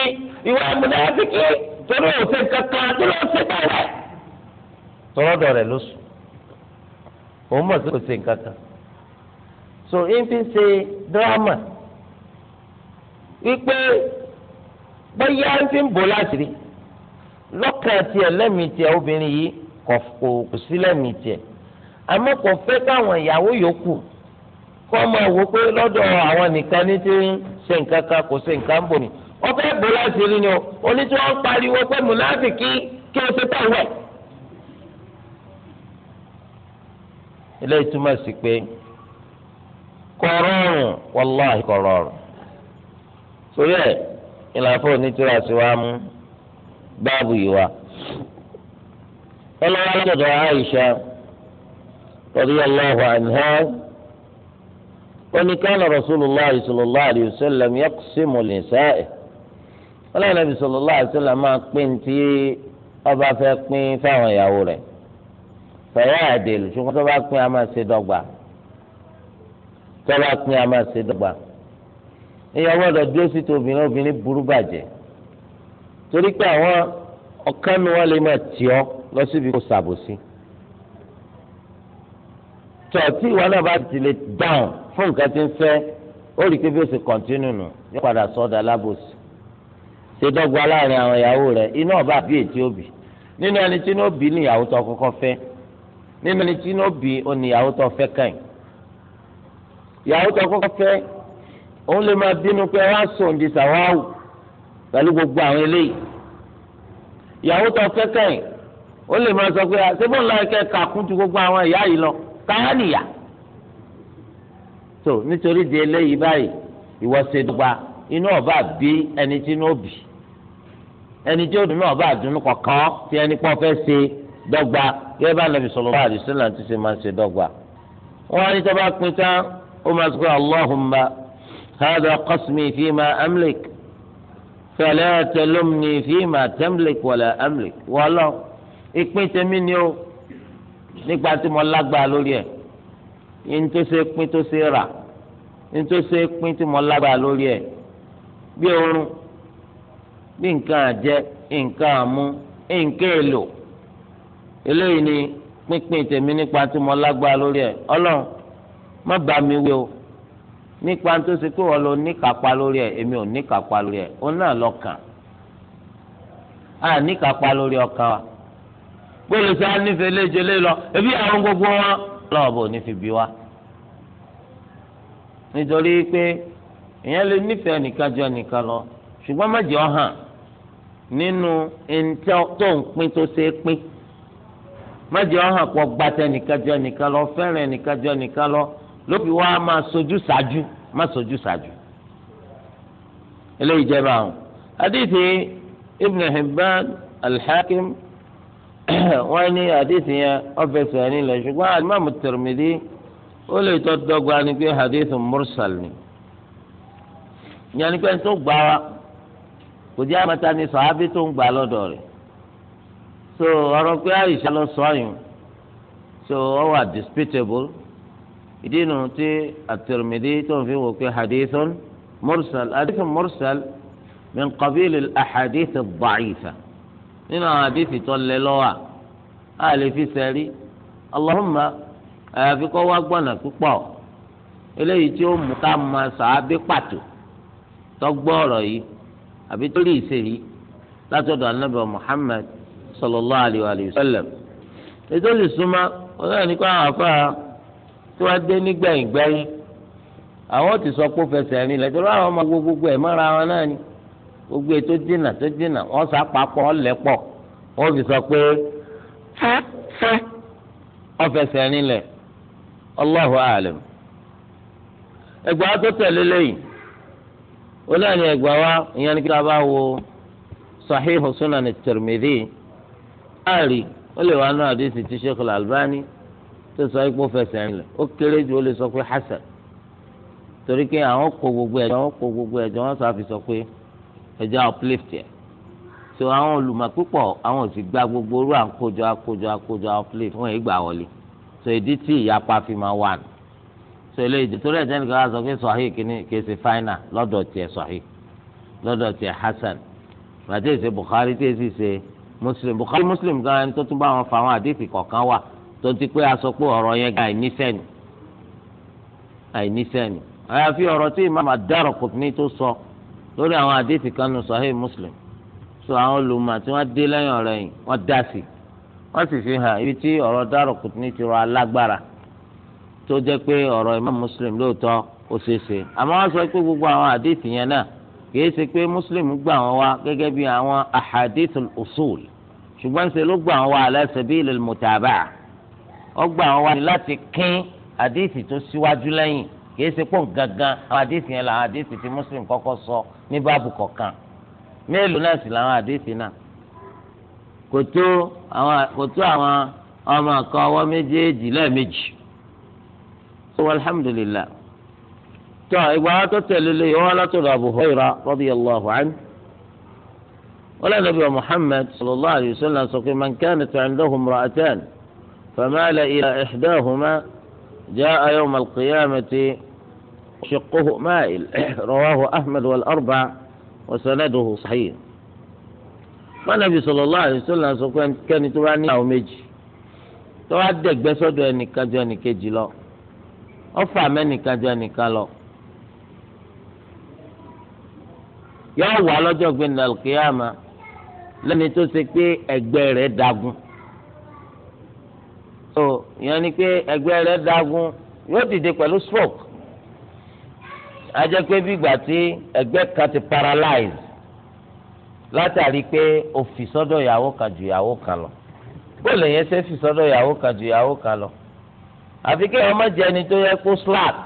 ìwé amúnáfíkì torí òfin kankan tó lọ sí bẹ̀rẹ̀ tọrọdọ rẹ̀ ló sùn òun mọ̀ sí òfin kankan. so ń fi ṣe drama wípé bóyá ń fi ń bò láṣìírí lọ́kàn tiẹ̀ lẹ́mìí tiẹ̀ obìnrin yìí kò kò sí lẹ́mìí tiẹ̀ àmọ́ kò fẹ́ káwọn ìyàwó yòókù kọ́ máa wò pé lọ́dọ̀ àwọn nìkan ní ti ń ṣe nǹkan kan kò ṣe nǹkan bò ní wọ́n fẹ́ bò láṣìírí ni o onítí wọ́n pariwo pé mùnáfìkì kí o ṣe tẹ̀wẹ̀. ilé ìtumọ̀ sí pé. kọrọrùn wàláhì kọrọrùn torí ẹ wa Aisha radiyallahu anha rasulillah sallallahu alayhi wa sallam yaqsimu sallallahu alayhi wa sallam fáwọn tọ́lá pín a máa ṣe dọ́gba ìyá gbọ́dọ̀ dúró sí ti obìnrin obìnrin burú bàjẹ́ torí pé àwọn ọ̀kánu wọn lè máa tì ọ́ lọ síbi kó ṣàbòsí tọ̀ tí ìwọ náà bá ti lè dáhùn fún nǹkan tí ń fẹ́ ó rí i pé bí ó ṣe kọ̀ntínú nù yóò padà sọ́dà lábòsí ṣe dọ́gba láàrin àwọn ìyàwó rẹ̀ iná ọba àbí ètí òbí nínú ẹni tí ní òbí ní ìyàwó tó kọ́kọ́ fẹ́ nínú ẹni tí ní òbí ó ní ìyàwó tó fẹ́ kàn ìyàwó tó kọ́kọ́ fẹ́ òun lè máa bínú pé wá sùn di sàwáwù pẹ̀lú gbogbo àwọn eléyìí ìyàwó tó fẹ́ kẹ́yìn òun lè máa sọ pé sẹ́fọ̀n láì kẹ́ kàkún ju gbogbo àwọn ìyá yìí lọ káyà nìyà tó nítorí di eléyìí báyìí ìwọ ṣe dùgbà inú ọba bí ẹni tí inú òbí ẹni tí ó dùn náà ọba àdùnnú kọ̀ọ̀kan tí ẹni pọ̀ fẹ́ ṣe dọ́gba gẹ́gẹ́ bá nàbì sallallahu alaihi wasallam ti ṣe máa ṣe dọ́gba wọ́n á ní tó bá pin tán ó máa sọ pé allahumma hadha qasmi fima amlik fala talumni fima tamlik wala amlik wọlọ ìpín tèmi ni ó nígbà tí mo lágbára lórí ẹ yín tó ṣe pín tó ṣe rà yín tó ṣe pín tí mo lágbára lórí ẹ bí oorun bí nǹkan àjẹ nǹkan àmú nǹkan èlò eléyìí ni pínpín tèmi nípa tí mo lágbára lórí ẹ Ọlọ́run má bá mi o nípa tó ṣe pé wọ́n lọ níkàpá lórí ẹ̀ èmi ò níkàpá lórí náà á níkàpá lórí ọkàn wa gbọ́dọ̀ sọ nífẹ̀ẹ́ lọ ẹbí àwọn gbogbo wọn lọ́wọ́ bò ní bí wa nítorí pé èèyàn lè nìkan jọ nìkan lọ ọ hàn nínú tó ń pín tó ṣe é ọ hàn nìkan jọ nìkan lọ lóbi wá máa sojú ṣáájú má sojú ṣáájú eléyìí jẹba àwọn hadithi ibn hibban alḥakim wọn ní hadithi yẹn ọfẹ sẹni lọ ṣùgbọ́n alimami tirmidhi ó lè tọ́ dọ́gba ni pé hadithi mursal ni yanni tó gbà wá kò jẹ́ àmọ́ta ni sàábí tó ń gbà lọ́dọ̀ rẹ̀ so ọ̀rọ̀ pé àyíṣà lọ sọ àyùn so ó wà disputable ìdí nu tí àtìrìmìdì tó ń fi wò pé hadithun mursal hadithun mursal min qabili al-ahadith ad-da'ifa nínú àwọn hadithi tó lé lọ́wọ́ a lè fi sẹ́rí allahumma àyàfi kọ́ wá gbọ́nà púpọ̀ eléyìí tí ó mú ká máa sàábé pàtó tọ́gbọ́ yìí àbí tó rí ìṣe látọ̀dọ̀ anábẹ́ muhammad sallallahu alayhi wa sallam ètò ìsúnmọ́ ọ̀rẹ́ nípa àwọn afárá. tí wọ́n dé nígbẹ̀yìn gbẹ́yìn àwọn ti sọ pé fẹsẹ̀ rìn lẹ́tọ́ láwọn ọmọ gbogbo ẹ̀ mọ́ra wọn náà ni gbogbo ètò dínà tó dínà wọ́n sá papọ̀ ọ̀lẹ́pọ̀ wọ́n fi sọ pé rìn tó tẹ̀lé lẹ́yìn ó náà ní wa ìyẹn ní kí bá wo Sahihu Sunan Tirmidhi tó sọ ipò fẹsẹ̀ rìn lọ ó kéré jù ó lè sọ pé hasan torí pé àwọn kó gbogbo ẹ̀jọ́ àwọn kó gbogbo ẹ̀jọ́ wọn sàfi sọ pé ẹ̀jọ́ uplift yẹ so àwọn olùmọ̀ púpọ̀ àwọn ò sì gba gbogbo orú àkójọ àkójọ àkójọ uplift wọn èyí gbà wọlé so ìdí tí ìyapa fi máa wà nù so ilé ìjọ torí ẹ̀jẹ̀ nìkan wá sọ pé sahih kìíní kìí fáínà lọ́dọ̀ tiẹ̀ sahih lọ́dọ̀ tiẹ̀ hasan bàtẹ́ ìṣe bukhari tí èsì muslim bukhari muslim gan ẹni tó tún bá wọn fa àwọn àdéhìí kọ̀ọ̀kan wà tó ti pé aṣọ pé ọ̀rọ̀ yẹn gan àìníṣẹ́ni àìníṣẹ́ni àyàfi ọ̀rọ̀ tí ìmáàmù Ad-Daraqutni tó sọ lórí àwọn àdéhìí kan nù Sahih Muslim so àwọn olùmọ̀ tí wọ́n dé lẹ́yìn ọ̀rọ̀ yìí wọ́n dá sí wọ́n sì fi hàn ibi tí ọ̀rọ̀ Daraqutni ti rọ alágbára tó jẹ́ pé ọ̀rọ̀ ìmáàmù Muslim lóòótọ́ ó ṣeé ṣe àmọ́ wọ́n sọ pé gbogbo àwọn àdéhìí yẹn náà kìí ṣe pé Muslim gbà wọn wá gẹ́gẹ́ bí àwọn ahadithul ṣùgbọ́n ṣe ló gbà wọn wá ala sabilil mutaba'a ọgbà àwọn wa ni láti kín àdéhìsì tó síwájú lẹ́yìn kìí ṣe pọ̀ gangan àwọn àdéhìsì yẹn làwọn àdéhìsì tí muslim kọ́kọ́ sọ ní báàbù kọ̀ọ̀kan mélòó náà sì làwọn àdéhìsì náà kò tó àwọn ọmọ kan ọwọ́ méjèèjì lẹ́ẹ̀mejì so alhamdulillah tó ìgbà wa tó tẹ̀lé lé wọn látọ̀dọ̀ Abu Hurairah radiyallahu anhu wala nabi Muhammad sallallahu alayhi wa sallam sọ pé man فمال إلى إحداهما جاء يوم القيامة شقه مائل رواه أحمد والأربع وسنده صحيح والنبي صلى الله عليه وسلم كان تواني أو ميجي بس بسود يعني أني كجاني لو أفع مني كجاني كالو يا على جوك من القيامة لن تسكي أكبر دابو so ìyẹn ni pé ẹgbẹ́ dagun yóò dìde pẹ̀lú stroke A pé bí ìgbà tí egbe kan ti paralyze látàrí pé o fi sọ́dọ̀ ìyàwó kan ju ìyàwó kan lọ bóòlù yẹn ṣe fi sọ́dọ̀ ìyàwó kan ju ìyàwó kan lọ àfi kéèyàn má jẹ ẹni tó yẹ kó slack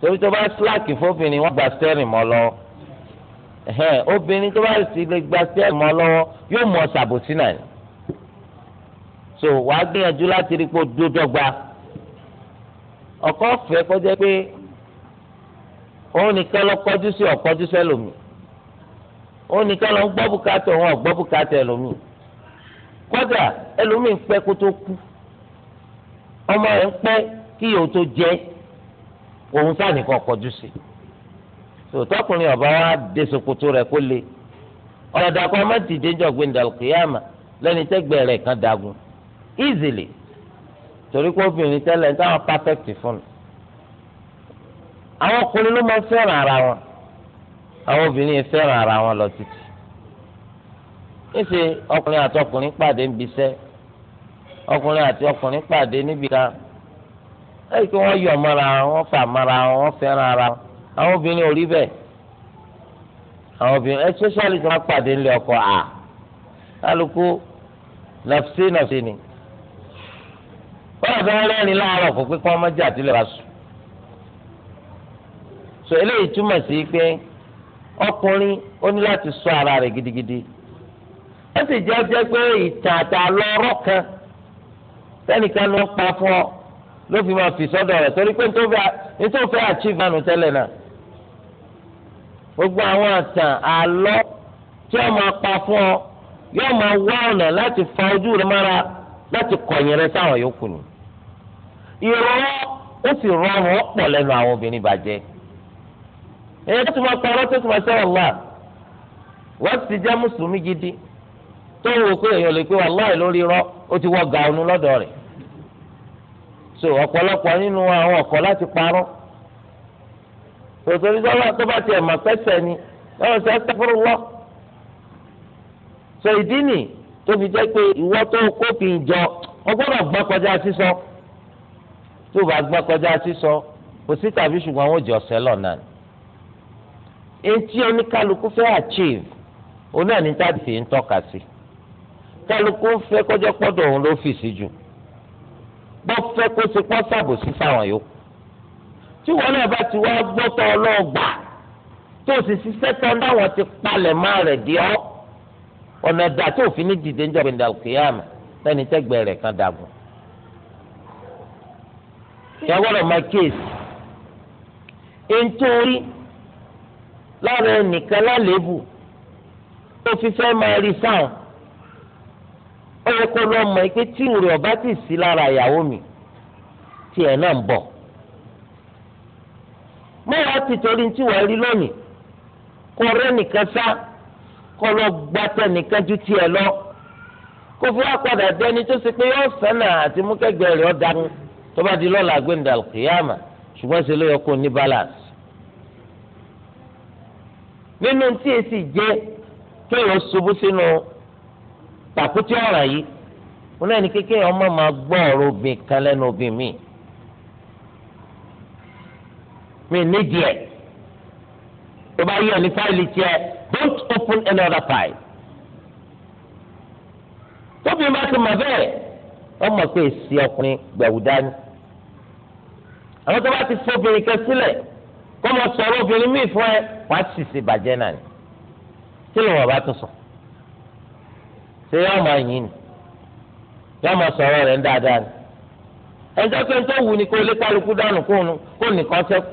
torí tó bá slack fóbìnrin wọn gba steering mọ́ lọ́wọ́ obìnrin tó bá sì lè gba steering mọ́ lọ́wọ́ yóò mọ ṣàbòsí náà ni. so wàá gbìyànjú láti rí kó dúró ọkọ fẹ́ kọjá pé òun nìkan lọ kọjú sí ọkọjú sẹlómi òun nìkan lọ gbọ́ bùkátà òun bùkátà kọjá ń tó kú ọmọ rẹ̀ ń kí yòó tó òun kọjú sí so tọkùnrin ọba wa dé kan easily torí pé obìnrin tẹ́lẹ̀ ní táwọn perfect fún un àwọn ọkùnrin ló máa ń fẹ́ràn ara wọn àwọn obìnrin yẹn fẹ́ràn ara wọn lọ títí níṣẹ́ ọkùnrin àti ọkùnrin pàdé ń bisẹ́ ọkùnrin àti ọkùnrin pàdé níbi kan lẹ́yìn tí wọ́n yọ̀ mọ́ra wọn wọ́n fà mọ́ra wọn wọ́n fẹ́ràn ara wọn àwọn obìnrin ò rí bẹ́ẹ̀ àwọn obìnrin especially tí wọ́n pàdé ńlẹ̀ ọkọ à kálukú nàfṣí nàfṣí ni. náà ọrụ rẹ́rìn láàárọ̀ kó pé kó ọmọ jẹ́ àtìlẹ́ wa sùn. sọ eléyìí túmọ̀ sí pé ọkùnrin ó ní láti sọ ara rẹ̀ gidigidi ó sì jẹ́ jẹ́ pé kan sẹ́nìkan ló ń pa fún ọ ló fi máa fi sọ́dọ̀ rẹ̀ torí pé nítorí achieve tẹ́lẹ̀ náà gbogbo àwọn àtàn àlọ́ tí máa pa fún fa ojú mára láti kọ̀yìn rẹ sáwọn yòókù ìrọ̀ ó sì rọrùn ọ̀pọ̀ lẹ́nu àwọn obìnrin bàjẹ́ èyí tó ti máa pa ọlọ́tí máa ṣe wọ́n ti jẹ́ mùsùlùmí gidi tó wò pé èèyàn lè pé lórí ó ti gàánú lọ́dọ̀ rẹ̀ so ọ̀pọ̀lọpọ̀ nínú àwọn ọ̀kọ́ láti parọ́ tó bá tiẹ̀ mọ̀ pẹ́sẹ̀ ni sẹ́ so ìdí nì tó fi jẹ́ pé ìwọ́ tó kófin tó bá gbọ́n kọjá sísọ kò sí tàbí ṣùgbọ́n àwọn òjò ọ̀sẹ̀ lọ́nà ni. etí oníkálukú fẹ́ achieve òun náà ní táàtì ń tọ́ka sí kálukú fẹ́ kọjá pọ́dọ̀ òun ló fi sí jù bọ́ fẹ́ kó ṣe pọ́ sàbòsí sáwọn yòókù tí wọn náà bá ti wá gbọ́tọ̀ ọlọ́ọ̀gbà tó sì ṣiṣẹ́ tán dáwọn ti palẹ̀ má rẹ̀ dí ọ́ ọ̀nà ẹ̀dá tó fi ní dìde ń jọ̀gbìn yẹn gbọ́dọ̀ máa kíyèsí nítorí lára ẹnìkan lálébù tó fi fẹ́ máa rí sáwọn ó yẹ kó lọ mọ̀ pé tí ìrìn ọ̀bá ti sí lára ìyàwó mi tiẹ̀ náà ń bọ̀ mọ́wàá ti torí tí wọ́n rí lónìí kó rẹ́ nìkan sá kó lọ gbàtẹ́ nìkan ju tiẹ̀ lọ kó fi wá padà dẹni tó ṣe pé yóò sẹ́nà àti mú kẹ́gbẹ́ rẹ̀ ọ́ dànù. tọba dị di lọ́la gbẹ̀ndà kìyàmà ṣùgbọ́n ṣe ló yẹ kó ní balance. nínú tí èsì jẹ́ kéèyàn ṣubú sínú tàkútì ọ̀ràn yìí wọn náà ní kékeré ọmọ máa gbọ́ ọ̀rọ̀ kan lẹ́nu mi mi nídìí ẹ̀ tó bá yẹ ní fáìlì tiẹ̀ don't open any other file tóbi bá ti mọ̀ bẹ́ẹ̀ pé èsì ọkùnrin gbẹ̀wù àwọn tó bá ti fọ obìnrin kan sílẹ̀ kó lọ sọ̀rọ̀ obìnrin míì fún ẹ wàá sì ṣe bàjẹ́ náà ni kí ló wà bá tó sọ ṣé yóò máa yìn ni yóò máa sọ̀rọ̀ rẹ̀ ń dáadáa ni ẹjọ́ pé tó wù ní kó lé kálukú dànù kó nìkan sẹ́kù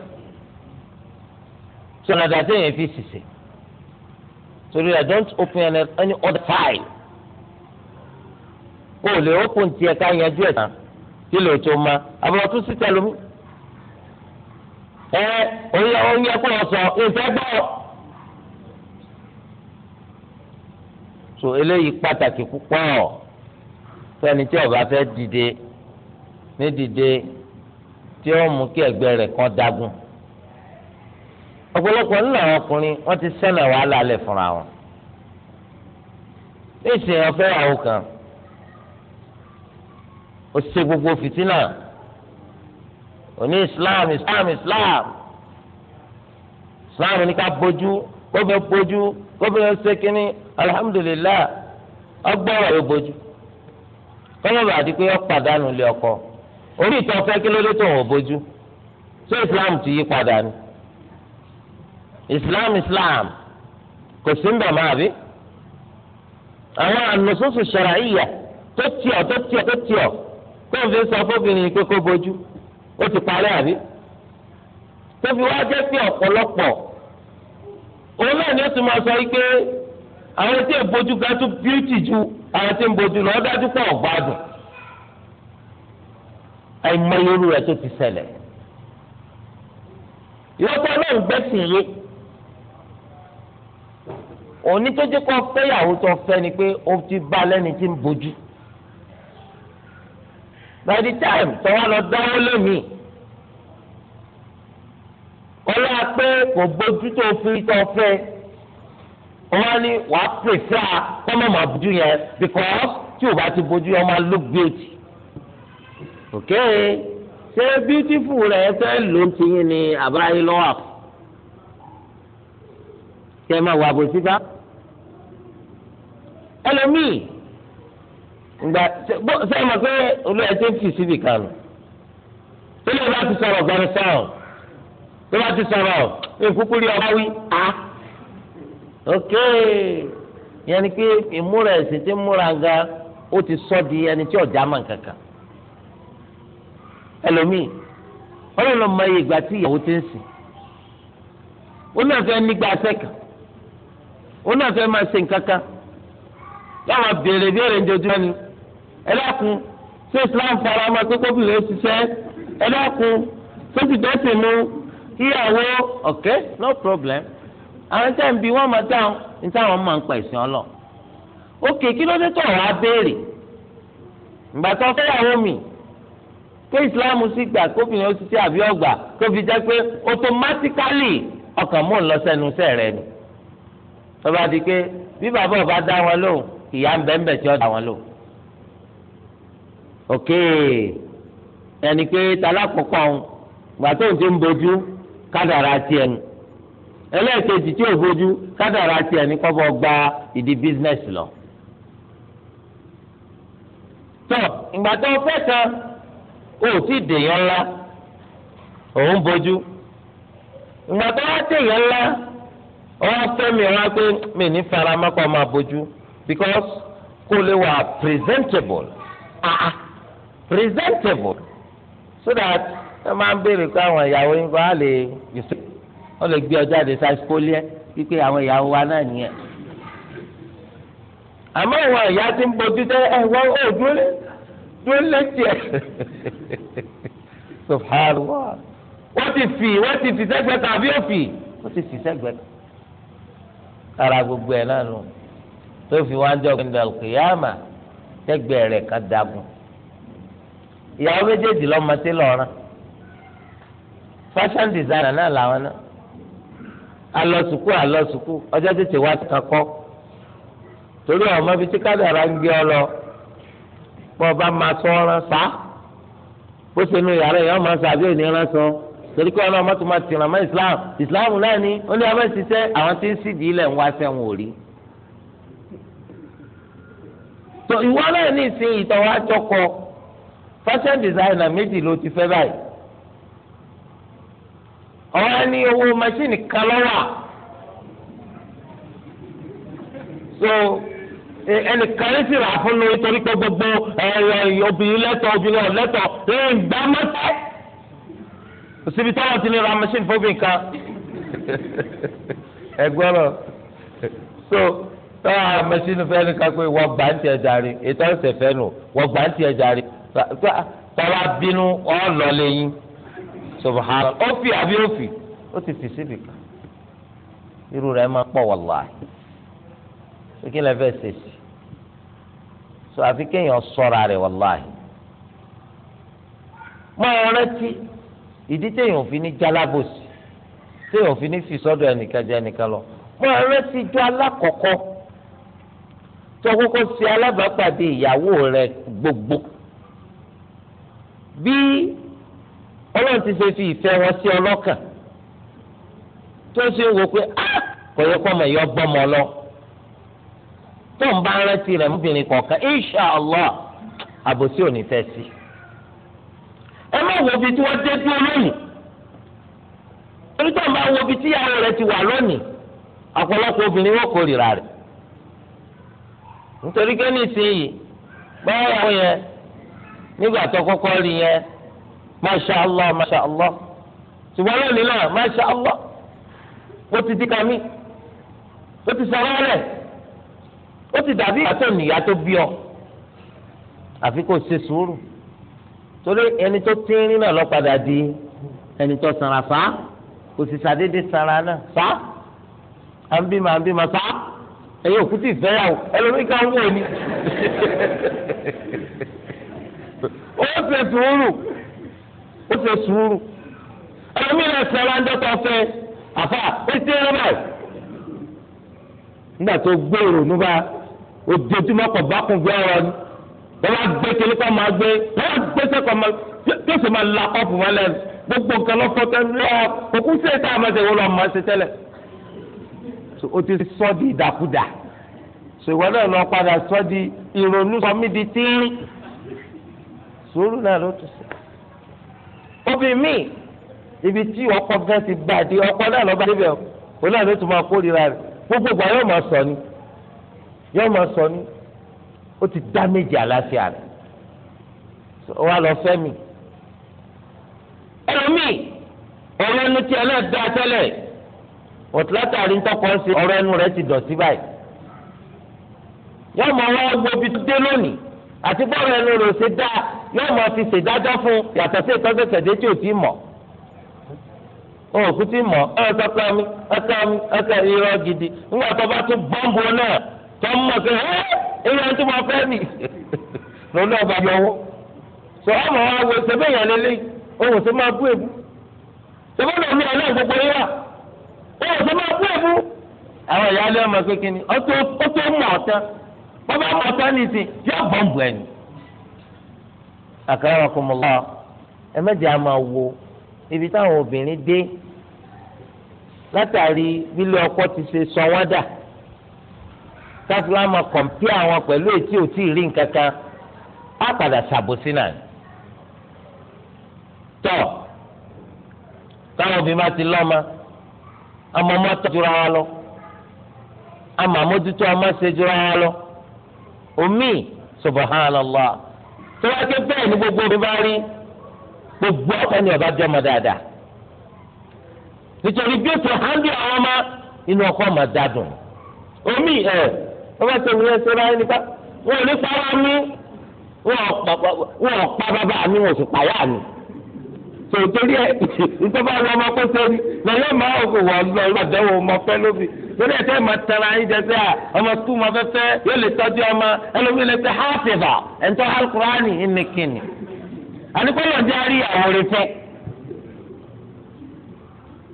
sọ̀nàdà téèyàn fi ṣìṣe torí ẹ̀ don't open any other file kó o lè open tiẹ̀ ká yanjú ẹ̀ tán kí ló tó máa àbúrò tún sí tẹlómi ẹ oyè oyè kó lọ sọ ìfẹ́ gbọ́. so eléyìí pàtàkì púpọ̀ fẹ́ni tí ó bá fẹ́ dìde ní dìde tí ó mú kí ẹgbẹ́ rẹ̀ kan dagun ọ̀pọ̀lọpọ̀ nínú àwọn ọkùnrin wọ́n ti sẹ́nà wàhálà lẹ̀ fúnra wọn ní ìsìn ọ̀fẹ́ àwọn kan ó ṣe gbogbo fìtínà òní islam islam islam islam ní ká bójú kó fẹ́ bójú kó fẹ́ ṣe kínní alihamudulilayi ọgbọ́rọ̀ yóò bójú kọ́mọ̀bà àti pé ọ̀pàdánù lé ọkọ orí ìtọ́ fẹ́ kí ló dé tó wọ́n bójú ṣé islam ti yí padà ni islam islam kò sí ń bẹ̀ máa bí àwọn ànùsùsù ṣàràyíyà tó tiọ̀ tó tiọ̀ tó tiọ̀ kó n fi sọ fóbìnrin pé kó bójú ó ti parí àbí tó fi wá jẹ́ pé ọ̀pọ̀lọpọ̀ òun náà ni ó ti máa sọ wípé àwọn tí ń bójú ga tún bíútì ju àwọn tí ń bójú lọ dájú pọ̀ ọ̀gbádùn àìmọye irú rẹ̀ tó ti ṣẹlẹ̀ ìwọ́pọ̀ náà ń gbẹ́sìn yé òní tó jẹ́ kó fẹ́yàwó tó fẹ́ ni pé ó ti bá lẹ́ni tí ń bójú by the time tọ́wọ́ lọ dáwọ́ lómi ọlọ́ pé kò bójú tó fi tọ́ fẹ́ wọ́n ní wàá pèsè à kọ́mọ̀ máa bójú yẹn because tí o bá ti bójú yẹn máa look beauty ok ṣé beautiful rẹ̀ fẹ́ ló ń ti yín ní àbáyé lọ́wọ́ àpò kẹ́ ẹ máa wà bó síta ẹlòmíì. ìgbà sẹ́yìn mọ̀ pé olú ẹ̀ ti fi síbì kan nù tó lè bá ti sọ̀rọ̀ gbọ́dọ̀ sọ̀rọ̀ tó bá ti sọ̀rọ̀ èkúkú rí ọba wí a ok yẹn ni pé ìmúra ẹ̀sìn tí múra ti sọ di ẹni tí ọja mọ̀ kankan ẹlòmíì ọlọ́run mọ iye ìgbà tí ìyàwó ti ń sìn ó náà fẹ́ nígbà sẹ́kà ó náà fẹ́ máa ṣe nǹkan kan ẹ dákun ṣé islam fara ọmọ pé kóbìnrin ó ṣiṣẹ́ ẹ dákun ṣé ti mu kíyàwó okay no problem àwọn tẹ́ ń bi wọ́n máa dáhùn ní táwọn máa ń pa ìsìn ọlọ òkè kí ló dé tó wàá béèrè ìgbà tó fẹ́yàwó mi pé islam sì gbà kóbìnrin ó ṣiṣẹ́ àbí ọgbà tó jẹ́ pé automatically ọkàn mò ń lọ sẹ́nu sẹ́ rẹ ni tọ́ba di pé bí bàbá ọba dá wọn lóhùn ìyá ń bẹ́ẹ̀ ń tí ó dá wọn lóhùn òkè ẹni pé talákọ̀ọ́kọ́ ń gbà tó ń ti ń bojú kádàrá tiẹ̀ ń ẹlẹ́ẹ̀kejì tí ò bojú kádàrá tiẹ̀ ní kọ́bọ̀ gba ìdí bísínẹ́sì lọ. tọ́ ìgbà tó fẹ́ kan ó sì dèèyàn ńlá òun bojú ìgbà tó wá dèèyàn ńlá wọ́n fẹ́ mi rán pé mi ní faramọ́kọ́ máa bojú because kó lè wà presentable. Ah, ah presentable so that ẹ máa ń béèrè pé àwọn ìyàwó yín bá lè yùsùn wọ́n lè gbé ọjà àdè sáà spoliẹ wípé àwọn ìyàwó wa náà nìyẹn àmọ́ àwọn ìyá ti ń bójú tẹ ẹ wọ́n ò dúró dúró létí ẹ subhanallah wọ́n ti fì wọ́n ti fi sẹ́gbẹ́ kan àbí òfì wọ́n ti fi sẹ́gbẹ́ kan ara gbogbo ẹ̀ náà nù tó fi wá ń jọ gbẹ̀ndàlùkì yáàmà sẹ́gbẹ́ rẹ̀ kan dagun ìyàwó méjèèjì lọ́mọ tí lọ́ọ̀rán fashion designer náà làwọn náà alọ sùkú alọ sùkú ọjọ́ tètè wá kankọ́ torí ọmọ bíi tí kádàrá ń gbé ọ lọ pọ̀ bá máa sọ ọ́rán sá bó ṣe nu yàrá ìyá ọmọ òní sọ torí islam islam náà ni ó ní ọmọ ìṣiṣẹ́ àwọn tí ń sídìí ilẹ̀ ń wá sẹ́wọ̀n tó ìwọ náà ní ìsìn fashion designer méjì ló ti fẹ́ báyìí ọ̀rọ̀ ni owó machine kan lọ́wọ́ so e, ẹnìkan ní sì rà fún mi torí pé gbogbo obìnrin lẹ́tọ̀ obìnrin ọ̀lẹ́tọ̀ ìgbà mọ́tẹ́ òsibí táwọn ti lè ra mẹ́ṣíìnì fún obìnrin kan ẹgbẹ́ rẹ̀ so tọ́wọ́ mẹ́ṣíìnì fẹ́ nìkan pé wọ́n gbà ń tiẹ̀ jàre ètò ẹ̀sẹ̀ fẹ́ nù wọ́n gbà ń tiẹ̀ jàre tọ́lá bínú ọ̀ọ́lọ́ lẹ́yìn subahana ó fi àbí ó fi ó ti fi síbi kan irú rẹ̀ máa pọ̀ wàláì kí lè fẹ́ ṣe sí so àfi kéèyàn sọ́ra rẹ̀ wàláì máa rántí ìdí téèyàn fi ní jalábòsì téèyàn fi ní fi sọ́dọ̀ ẹnìkan jẹ ẹnìkan lọ máa rántí ijó alákọ̀ọ́kọ́ tó kọ́kọ́ ṣe alábàápàdé ìyàwó rẹ̀ gbogbo bí ọlọ́run ti ṣe fi ìfẹ́ wọn sí ọlọ́kàn tó ṣe wò pé ah, kò yẹ kó ọmọ yọ bọ́mọ lọ tó ń bá rántí rẹ̀ mọ́bìnrin kọ̀ọ̀kan inshàlá àbòsí ò ní fẹ́ sí. ẹ má wo ibi tí wọ́n dé dúró lónìí onítọ̀ máa wo ibi tí ìyàwó rẹ̀ ti wà lónìí ọ̀pọ̀lọpọ̀ obìnrin wọ́n kórìíra rẹ̀ nítorí nígbà tó kọ́kọ́ rí yẹn masha allah masha allah ṣùgbọ́n lónìí náà masha allah ó ti di kàmí ó ti sọ̀rọ̀ rẹ̀ ó ti dàbí ìyàtọ̀ nìyà tó bí ọ àfi kò ṣe sùúrù torí ẹni tó tínrín náà lọ padà di ẹni tó sanra fa kò sì ṣàdédé sanra náà fa à ń bímọ à ń bímọ fa ẹ̀yin òkú ti fẹ́ yà wò ẹlòmíkan wò ni. ó ṣe sùúrù ó ṣe sùúrù ẹlòmíràn ẹsẹ̀ ránjọ́ tó fẹ́ àfà ó ṣe é báyìí nígbà tó gbèrò nígbà ojoojúmọ́ kọ̀ bá kún bí ọ̀rọ̀ ni wọ́n bá gbé kele kọ́ máa gbé wọ́n bá gbé sẹ́kọ̀ máa yóò sì máa la kọ́ọ̀pù wọn lẹ́nu gbogbo nǹkan lọ́kọ́ tẹ́lẹ̀ ọ́ òkú sí ètò àmọ́sẹ̀ wọ́n lọ́ọ́ máa ṣe tẹ́lẹ̀ o ti sọ di ìdàkudà ṣèwọ́n náà lọ padà sọ di ìrònú sọmídìí tíírín sùúrù náà ló tún sí. obìnrin míì ibi tí ọkọ gan ti gbàdé ọkọ náà lọ́ba níbẹ̀ òun náà ló tún máa kórìíra rẹ̀ gbogbo ìgbà yóò máa sọ ni yóò máa sọ ni ó ti dá méjì àlàáfíà rẹ̀ ó wá lọ fẹ́ mi. ẹlòmíì ọ̀rọ̀ ẹnu tí ẹ náà dá tẹ́lẹ̀ òtúlátàrí ńtọ́kọ ń ṣe ọ̀rọ̀ ẹnu rẹ̀ ti dọ̀tí báyìí. yóò máa wá gbóbi dé lónìí àti bọ́ọ̀rọ̀ ẹnu rẹ̀ ò ṣe dáa náà mọ̀ ti ṣèdájọ́ fún yàtọ̀ sí ìtọ́sẹ̀sẹ̀ dé tí ò tí mọ̀ òun òkú tí mọ̀ ẹ ọ̀sọ́kọ́ mi mi irọ́ gidi nígbà tó bá tún bọ́ǹbù náà tó ń mọ̀ pé ẹ irọ́ tó mọ̀ fẹ́ mi lòun náà bá yọwọ́ sọ ọmọ wa wo ṣẹbẹ́ yẹn lélẹ́ òun ṣe máa bú èbú ya náà mi ọ̀nà gbogbo yẹn wà òun ṣe máa bú àwọn ọkụ ẹ mẹ́jẹ̀ a máa wo ibi táwọn obìnrin dé látàrí bílé ọkọ ti ṣe sọ wọ́n dà káfíńlámà kọ̀m̀pì àwọn pẹ̀lú etí ò tí ì rí nǹkan á padà ṣàbòsí náà ni. táwọn obìnrin bá ti lọ́mọ àmọ́ ọmọ tó jura wa lọ àmọ́ àmójútó ọmọ ṣe jura lọ omi subhanallah tó wá pé bẹ́ẹ̀ ni gbogbo mi bá rí gbogbo ọkọ ni ọba jọmọ dáadáa nítorí bí o tó hàndí àwọn ọmọ inú ọkọ ọmọ omi ẹ wọn bá tẹnu ẹsẹ báyìí nípa wọn ò ní sára mi wọn ò pa bàbá mi wọn ò sì pàyà mi tòótórí ẹ ìjọba ọmọ kó sẹ́ni lọ́yọ́ máa ń wọ̀ ma lọ́dọ̀ ọmọ lórí ẹsẹ ma tẹ̀ra yín jẹsẹ à ọmọ sukùl ma fẹ́fẹ́ yóò lè tọ́jú ọmọ ẹlòmíì lè fẹ́ hàfẹ́fà ẹ̀ńtọ́ alukurani ẹnìkìnnì àdìpọ́lọ̀ jẹ́ àrí àwòrán fẹ́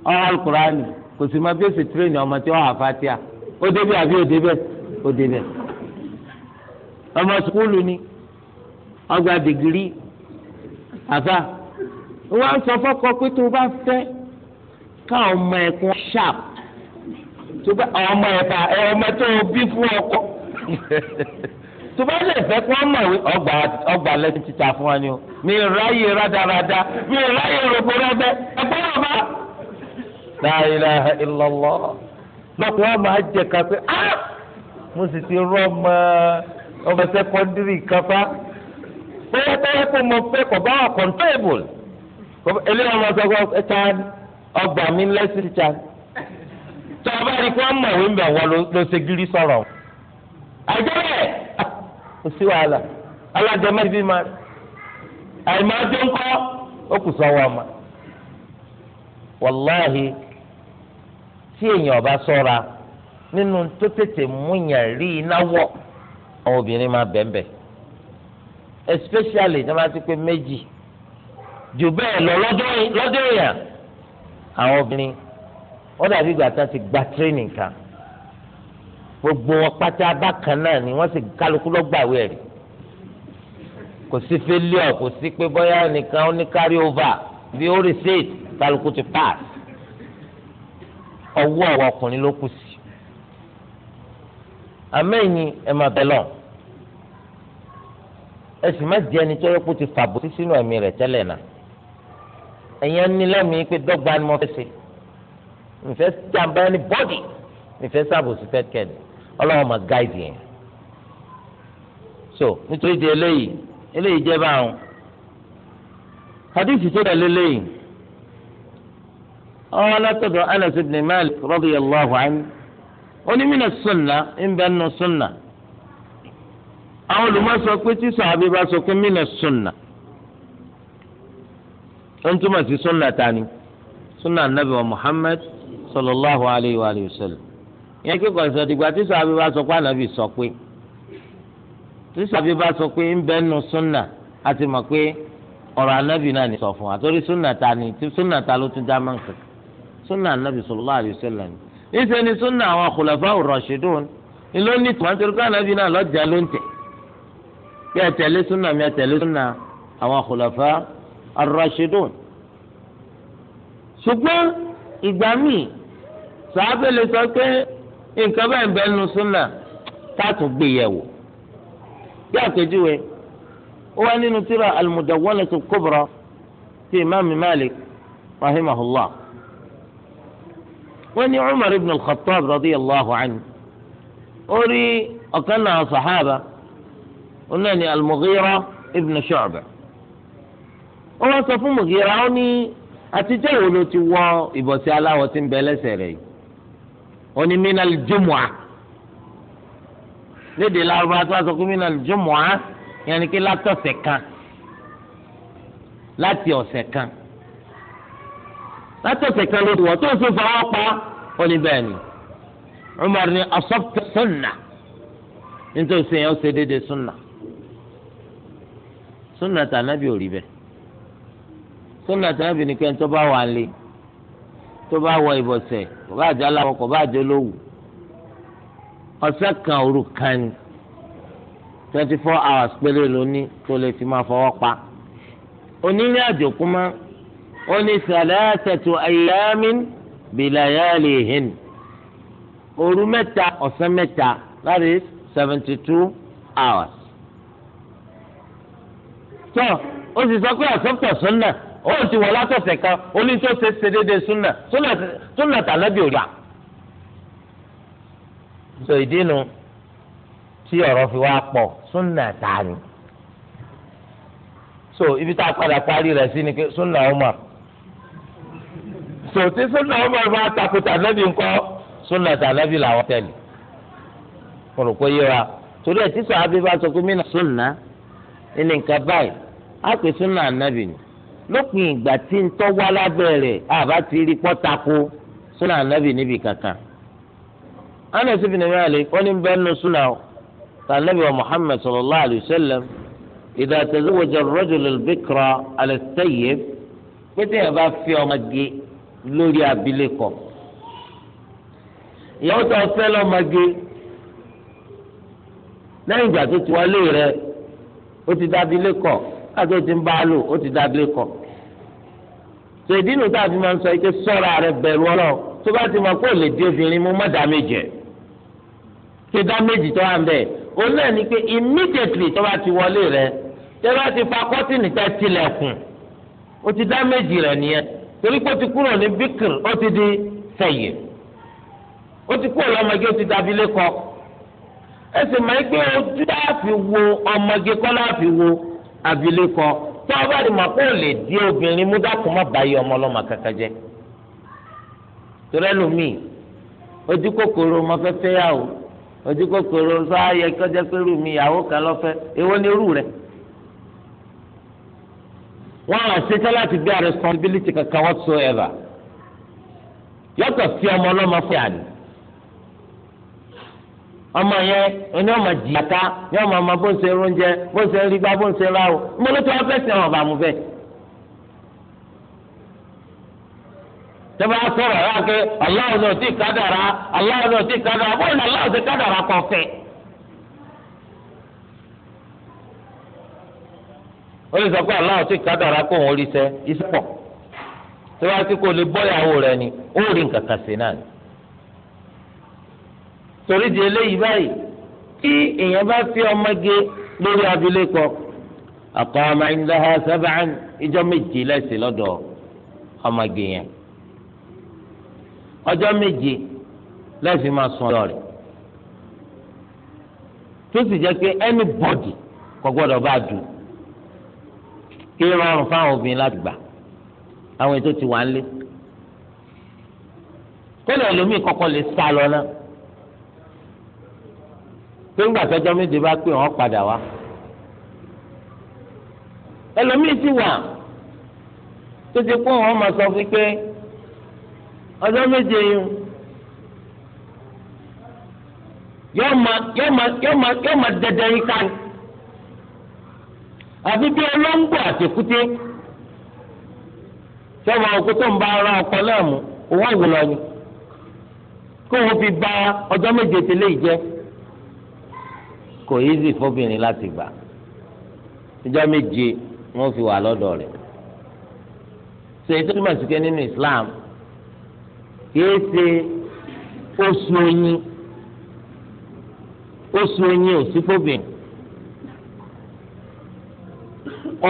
ọ alukurani kò sì ma bí ó sì tírẹ̀nì ọmọ tí wọ́n àfa tíya ó débẹ̀ àbí ó débẹ̀ ó débẹ̀ ọmọ sukùl ni ọgbà dìgírì àfa wọ́n sọ fọ́kọ pé tó o bá fẹ́ ká ọmọ ẹ̀kún ṣáàpù tó ọmọ ẹ̀fà ọmọ tó bí fún ọkọ tó lè fẹ́ kí ọmọ ọgbà ọgbà títà fún wa ni o mi ráyè rádaràda mi ráyè rògbòrògbẹ ẹgbẹ́ wọn bá. la máa jẹ ah! mo sì ti rọ ọmọ ọmọ sẹ́kọ́ndírì kápá bóyá kó mo kó bá wà mi títà tọ́ ọ bá rí kí wọ́n mọ̀ wí mbẹ̀ wọ́n ló ṣe gírí sọ̀rọ̀ àjẹbẹ́ kò sí wàhálà alájọmọ́ ibi máa àìmọ́ tó ń kọ́ ó kù tí èèyàn ọba sọ́ra nínú tó tètè rí iná wọ̀ àwọn obìnrin especially tí wọ́n bá ti pé méjì jù bẹ́ẹ̀ wọ́n dàbí ìgbà tán ti gba training kan gbogbo wọn pátá bákan náà ni wọ́n sì kálukú lọ gbàwé ẹ̀rí kò sí failure kò sí pé bóyá nìkan ó ní carry over bí ó reset kálukú ti pass ọwọ́ ọ̀wọ́ ọkùnrin ló kù sí amẹ́yìn ẹ̀ máa bẹ̀ lọ ẹ sì má jẹ́ ẹni tó yẹ kó ti fàbọ̀ sí sínú ẹ̀mí rẹ̀ tẹ́lẹ̀ náà ẹ̀yẹn ní lẹ́mìí pé dọ́gba ni mo fẹ́ ṣe nfẹ́ jàǹbá ẹni bọ́dì nfẹ́ sàbòsí fẹ́ kẹ́ni ọlọ́wọ́ máa gáìdì yẹn so nítorí di eléyìí eléyìí jẹ́ báwọn hadith tó dàlé léyìí ọwọ́ látọ̀dọ̀ Anas ibn Malik radiyallahu anhu onímìnà sunna ìbẹ́nu sunna àwọn olùmọ̀sọ pé tí sàbí bá sọ pé mìnà sunna ó ń túmọ̀ sí sunna tani sunna anabi wa Muhammad sallallahu alayhi wa sallam yẹn kí kọ̀ọ̀sọ̀ dìgbà tí sàbí bá sọ pé ànábì sọ pé tí sàbí bá sọ pé ń bẹ́ẹ̀ nu súnà àti mọ̀ pé ọ̀rọ̀ ànábì náà ní sọ fún wa torí súnà ta ni tí súnà ta ló tún já máa ń kàn súnà ànábì sallallahu alayhi wa sallam ni níṣẹ́ ni súnà àwọn khulafa'ur rashidun ni ló ní tùmọ̀ nítorí pé ànábì náà lọ́jà ló ń tẹ̀ bí ẹ súnà mi ẹ súnà àwọn khulafa'ur rashidun ṣùgbọ́n ìgbà míì sọ́ábẹ̀ lè sọ pé nǹkan bẹ́ẹ̀ ń bẹ nínú súnà táàtù gbé e yẹ̀wò bí àpèjúwe ó wá nínú tírà al-Mudawwanah al-Kubra ti imaami Malik rahimahullah wọ́n ní Umar ibn al-Khattab radiyallahu anhu ó rí ọ̀kan náà sàhábà ó náà al-Mughira ibn Shu'ba ó wá sọ fún Mughira ó ní àtijọ́ wo ti wọ ìbọ̀sẹ̀ aláwọ̀ tí ń bẹ lẹ́sẹ̀ rẹ̀ yìí oní minal jumua léde lárúbá tó a sọ pé minal jumua yẹn ni pé látọ̀sẹ̀ kan láti ọ̀sẹ̀ kan látọ̀sẹ̀ kan ló ti wọ̀ tó o sì fọwọ́ pa oní bẹ́ẹ̀ ni Umar ni asabta sunna nítorí sèyàn ó ṣe déédéé sunna sunna tànàbí ò rí bẹ́ẹ̀ sunna tànàbí ni pé ẹni tó bá wà lé tó bá wọ ìbọ̀sẹ̀ kò bá jẹ́ aláwọ̀ kò bá jẹ́ olówù ọ̀sẹ̀ kan òru kan ni twenty four hours péré lóní tó lè fi máa fọwọ́ pa onírìn àjò kúmọ́ ó ní sàlẹ́sẹ̀tù ayyamin bìlàyàlì hìn òru mẹ́ta ọ̀sán mẹ́ta that is seventy two hours. tó o sì sọ pé ọ̀sán tọ̀sán náà òun ti wọ̀ látọ̀sẹ̀ kan oní tó ṣe ṣe déédéé súnà súnà tànàbí òrìà. sọ ìdí nu tí ọ̀rọ̀ fi wá pọ̀ súnà tààrí. so ibi tá a padà parí rẹ̀ sí ni pé súnà Umar. so tí súnà Umar bá takò tànàbí ńkọ́ súnà tànàbí làwọn tẹ̀lé. mo rò pé yé wa torí ẹ̀ tí sọ abibá sọ pé mí nà súnà ní nǹkan báyìí á pè súnà ànábì ni. lópin ìgbà tí ń tọ́ wá àbá ti rí pọ́tako súnà ànábì níbi kankan. Anas ibn Malik wọ́n ní bẹ́ẹ̀ o wa sallallahu alayhi wa sallam idha tazawwaja ar bikra pété yẹn bá fi ọmọge lórí abilékọ. ìyàwó tó fẹ́ lọ́mọge lẹ́yìn ìgbà tó ti wọlé rẹ̀ ó ti dábìlékọ káàtó ti ń tó ìdí nu tá a fi máa ń sọ ike sọ́ra rẹ bẹ̀rù ọlọ́run tó bá ti mọ̀ kó lè di obìnrin mú má dá méjì ṣe dá méjì tó wà ń bẹ̀ òun náà ni pé immediately tó bá ti wọlé rẹ tó bá ti fa kọ́tìnì tẹ́ tilẹ̀kùn ó ti dá méjì rẹ nìyẹn torí pé ó ti kúrò ní bíkìrì ó ti di sẹ̀yìn ó ti kúrò lọ́mọge ó ti dàbí lẹ́kọ̀ọ́ ẹ sì máa ń pé ojú láàfin wo ọmọge kọ́ láàfin wo abilékọ tó a bá di mọ̀ kó o lè di obìnrin mú dákun má bàa yí ọmọ ọlọ́mọ kankan jẹ́ torí ẹlòmíì ojú kòkòrò ọmọ fẹ́fẹ́ yà o ojú kòkòrò sọ ayẹ kọjá pé rú ìyàwó kan lọ́fẹ́ èwo ni rú rẹ̀ wọ́n á ṣetán láti gbé responsibility kankan whatsoever yàtọ̀ sí ọmọ ọlọ́mọ fún yàrá ọmọ yẹn ẹni ọmọ jìyàtá ni ọmọ ọmọ bó ń ṣe oúnjẹ bó ń ṣe rígbá bó ń ṣe ráwọ ńgbọ́dọ̀ tó wọ́n fẹ́ sẹ́wọ̀n ọba mu sọ̀rọ̀ ẹ̀ wá pé náà ti kádàrá náà ti bóyá ti fẹ́. ó torí di eléyìí báyìí tí èèyàn bá fi ọmọge lórí abilékọ àkọ́mọ ìdáhà sábàán ìjọ méje lẹ́sìn lọ́dọ̀ ọmọge yẹn ọjọ́ méje lẹ́sìn máa sùn ọ̀dọ̀ tó sì jẹ́ pé anybody kò gbọ́dọ̀ bá dù kí rọrùn fáwọn obìnrin láti gbà àwọn ètò ti wà ń lé kọ́lẹ̀ ẹlòmíì kọ́kọ́ lè sá lọ náà pé ńgbà sọ́jọ́ méje bá pé wọ́n padà wá ẹlòmíì ti wà tó ti kó wọn máa sọ fún pé ọjọ́ méje yìí yóò máa yóò máa yóò máa yóò máa dẹdẹ yín ká ní àfi bí olóńgbò àtẹkùté sọmọ òkú tó ń bá ara ọkọ náà mú owó àwòrán ni kó wọn fi bà ọjọ́ méje tẹ́lẹ̀ jẹ́ kò easy fóbìnrin láti gbà ìjọ méje wọ́n fi wà lọ́dọ̀ rẹ̀ ṣe ètò ìmọ̀ sí kẹ́ nínú Islam kìí ṣe oṣù oyin oṣù oyin ò sí fóbìnrin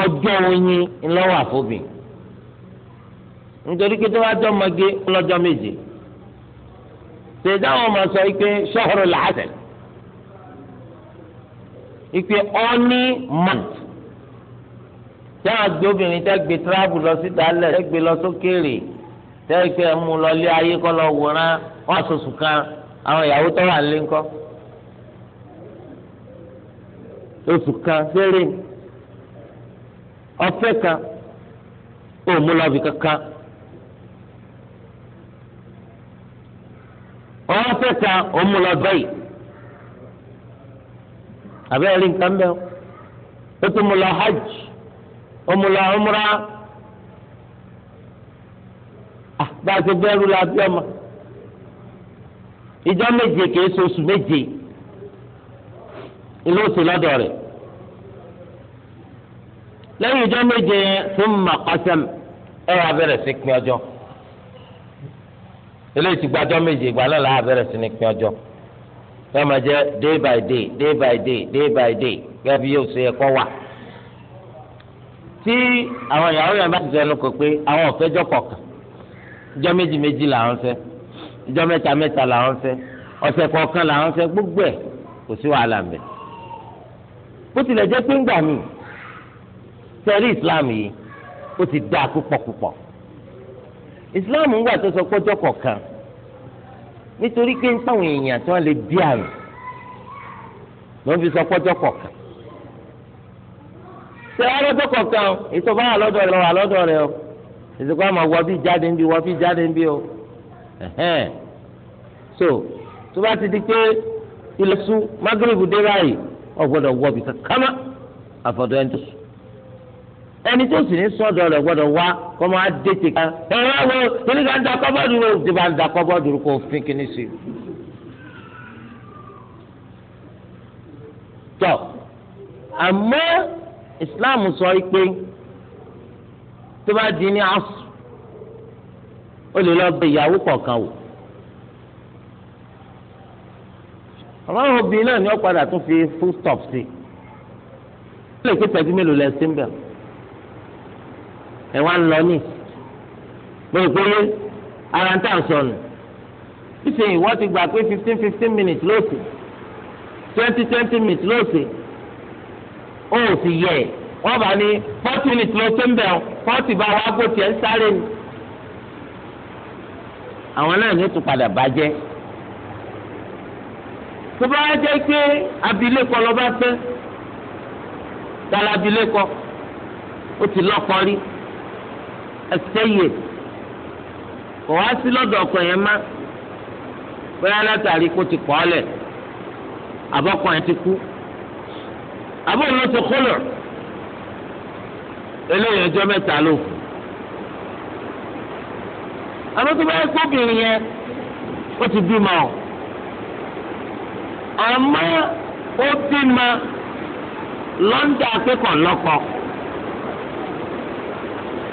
ọjọ́ oyin ńlọ́wọ́ àfóbìn nítorí pé tó bá jọ́ ọmọge ńlọ́jọ́ méje ṣèdáhùn ọmọ sọ pé ṣọ́ọ̀rọ̀ làásẹ̀ ìpè ọ́ní month yàrá gbé obìnrin tẹ́ gbé travel lọ sí dálẹ̀ tẹ́ gbé lọ sókèèrè tẹ́ gbé mú lọ lé ayé kọ́ lọ wòran wọ́n àsosù kan àwọn ìyàwó tó wà nílé ńkọ́ oṣù kan fẹ́rẹ̀ ọ̀fẹ́ kan ó mú lọ bí kankan. ọ̀fẹ́ kan ó mú lọ bẹ́yìí àbẹ́rẹ́ rí nǹkan bẹ́ẹ̀ ó tún mú lọ hajj ó mú lọ umra ah, bá a ṣe bẹ́ẹ̀rù la bí ọmọ ìjọ méje kìí ṣe oṣù méje ìlú oṣù lọ́dọ̀ rẹ̀ lẹ́yìn ìjọ méje fún màkọ́sẹ́m ẹ wàá bẹ̀rẹ̀ sí pín ọjọ́ eléyìí ti gba ọjọ́ méje ìgbà náà là á bẹ̀rẹ̀ sí ní pín ọjọ́ yóò jẹ́ day by day day by day day by day gẹ́gẹ́ bí yóò ṣe ẹ̀kọ́ wà. tí àwọn ìyàwó yẹn bá ti sẹ́nu kò pé àwọn ò fẹ́ jọ kọ̀ọ̀kan ìjọ méjì méjì làwọn fẹ́ ìjọ mẹ́ta mẹ́ta làwọn fẹ́ ọ̀sẹ̀ kọ̀ọ̀kan làwọn fẹ́ gbogbo ẹ̀ kò sí wàhálà mẹ́. bó tilẹ̀ jẹ́ pé ń gbà mí sẹ́rí Islam yìí ó ti dáa púpọ̀ púpọ̀ Islam ń gbà tó sọ pé ọjọ́ kọ̀ọ̀kan nítorí pé ń táwọn èèyàn tí wọ́n lè bí àrùn ló ń fi sọ pọ́jọ́ kọ̀ọ̀kan ṣé alọ́jọ́ kọ̀ọ̀kan o ètò bá wà lọ́dọ̀ o ìsìnkú àmọ́ wọ bí jáde ń bí wọ bí jáde ń bí o so tó bá ti di pé ilẹ̀ sùn magrib dé báyìí ọ̀gbọ́dọ̀ wọ bí kankan mọ́ àfọ̀dọ̀ ẹni tó sùn ẹni tó sì ní sọ́dọ̀ rẹ̀ gbọ́dọ̀ wá kọ́ máa dé ti ká ẹ̀rọ wo kíní ká ń da kọ́bọ́ọ̀dù rò ti bá ń da kọ́bọ́ọ̀dù rò kó fin kíní sí. tọ́ àmọ́ ìsìláàmù sọ pé tó bá di ní asù ó lè lọ bẹ ìyàwó kọ̀ọ̀kan wò. àwọn obìnrin náà ni wọ́n padà tún fi full stop sí. ó lè pé tẹ̀gbí mélòó lẹ́sìn bẹ́ẹ̀ ẹ wá ń lọ ní mo rò pé ara ń tà sọnù ṣíṣe ìwọ ti gbà pé fifteen fifteen minutes lóòsè twenty twenty minutes lóòsè ó sì yẹ wọ́n bá ní forty minutes ló tó ń bẹ̀ forty bá wàá gbó tiẹ̀ ń sáré ni àwọn náà ní tún padà bàjẹ́ tó bá jẹ́ pé abilékọ lọ fẹ́ tala abilékọ ó ti lọ́kọ rí as-sayyid kò wá sí lọ́dọ̀ ọkọ yẹn má bóyá látàrí kó ti kọ́ lẹ̀ àbọ̀kọ yẹn ti kú àbọ̀kọ yẹn ti kúlọ̀ eléyìí ọjọ́ mẹ́ta ló kù àmọ́ tó bá yẹ kóbìnrin yẹn ó ti bímọ ọ̀ àmọ́ ó bímọ lọ́ńdà akẹ́kọ̀ọ́ lọ́kọ̀ọ́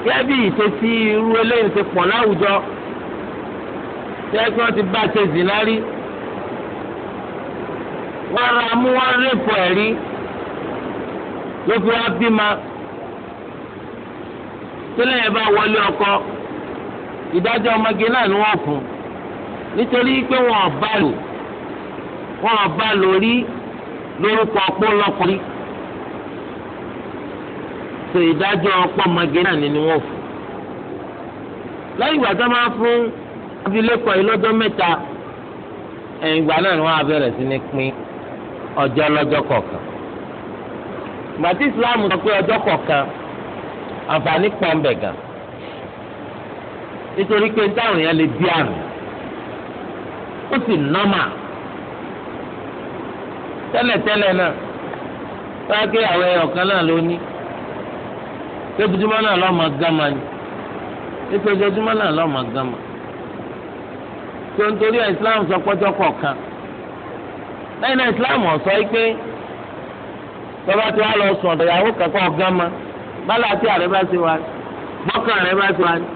gẹ́gẹ́ bí ìṣesí irú eléyìí ti pọ̀ láwùjọ ṣé kí wọ́n ti bá ṣe zìnnà rí wọ́n ra mú wọ́n rèpọ̀ ẹ̀ rí ló fi wá bímọ tílẹ̀ yẹn bá wọlé ọkọ ìdájọ́ ọmọge náà ni wọ́n fún nítorí pé wọ́n ọ̀bá lò wọ́n ọ̀bá lò rí lórúkọ ọpọ́ lọ́kùnrin. so ìdájọ́ pọ́nmọ́gé náà ni wọ́n fún lẹ́yìn ìgbà tó máa fún abilékọ yìí lọ́jọ́ mẹ́ta ẹ̀yìn ìgbà náà ni wọ́n á bẹ̀rẹ̀ sí ní pín ọjọ́ lọ́jọ́ kọ̀ọ̀kan Islam sọ pé ọjọ́ kọ̀ọ̀kan àǹfààní pọ̀nbẹ̀ gan nítorí pé táwọn èèyàn lè di àrùn ó sì nọ́mà tẹ́lẹ̀tẹ́lẹ̀ náà wọ́n á gé àwọn kan náà tẹ́bùjúmọ́ náà lọ́ọ́ máa gá máa ní ìtọ́jọ́júmọ́ náà lọ́ọ́ máa gá máa. tó ń torí Islam sọ pọ́jọ́ kọ̀ọ̀kan lẹ́yìn náà Islam ọ̀sọ́ yìí pé tọ́ba tí wàá lọ sùn ọ̀dọ̀ ìyàwó kẹ́kọ̀ọ́ gá máa bálá tí àrẹ bá ṣe wá ní bọ́kàn àrẹ bá ṣe wá ní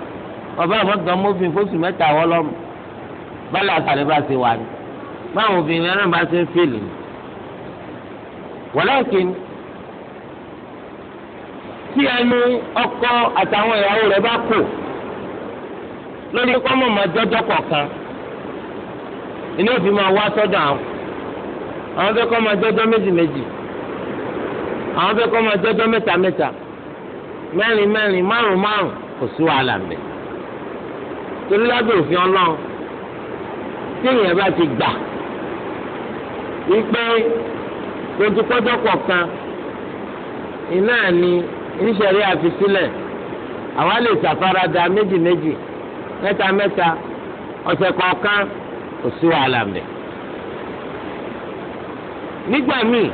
ọba àmọ́gàn mọ́fin fóṣù mẹ́ta wọ́ lọ́mù bálá tí àrẹ bá ṣe wá ní báwọn obìnrin náà bá ṣe ń fèlè wọ́lẹ́kìn tí ẹnu ọkọ àtàwọn ìyàwó rẹ̀ bá kù lórí kọ́mọ̀ máa jọ́jọ́ kọ̀ọ̀kan inú òfin máa wá sọ́dọ̀ àwọn àwọn fẹ́ kọ́ máa jọ́jọ́ méjì méjì àwọn fẹ́ kọ́ máa jọ́jọ́ mẹ́ta mẹ́ta mẹ́rin mẹ́rin márùn márùn kò sí wàhálà mẹ́ torí lábẹ́ òfin ọlọ́run tí èèyàn bá ti gbà wípé lójú kọ́jọ́ kọ̀ọ̀kan iná ni níṣẹ̀rí àfisílẹ̀ àwa lè ṣàfaradà méjì méjì mẹ́ta mẹ́ta ọ̀sẹ̀ kọ̀ọ̀kan kò sí wàhálà mẹ́. nígbà míì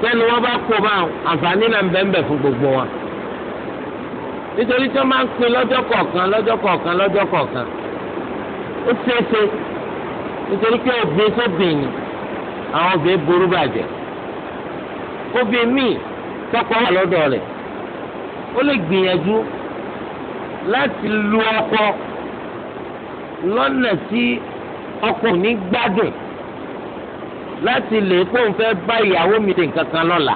sẹ́ni wọ́n bá kó bá àǹfààní náà ń bẹ́ńbẹ́ fún gbogbo wọn. nítorí tí wọ́n máa ń pín lọ́jọ́ kọ̀ọ̀kan lọ́jọ́ kọ̀ọ̀kan lọ́jọ́ kọ̀ọ̀kan ó ṣeéṣe nítorí pé òbí sóbìnrin àwọn òbí burú bàjẹ́. obìnrin míì tọkọ wà lọ́dọ̀ rẹ̀ ó lè gbìyànjú láti lu ọkọ lọ́nà tí ọkọ ò ní gbádùn láti lè kó n fẹ́ bá ìyàwó mi dé nǹkan kan lọ́la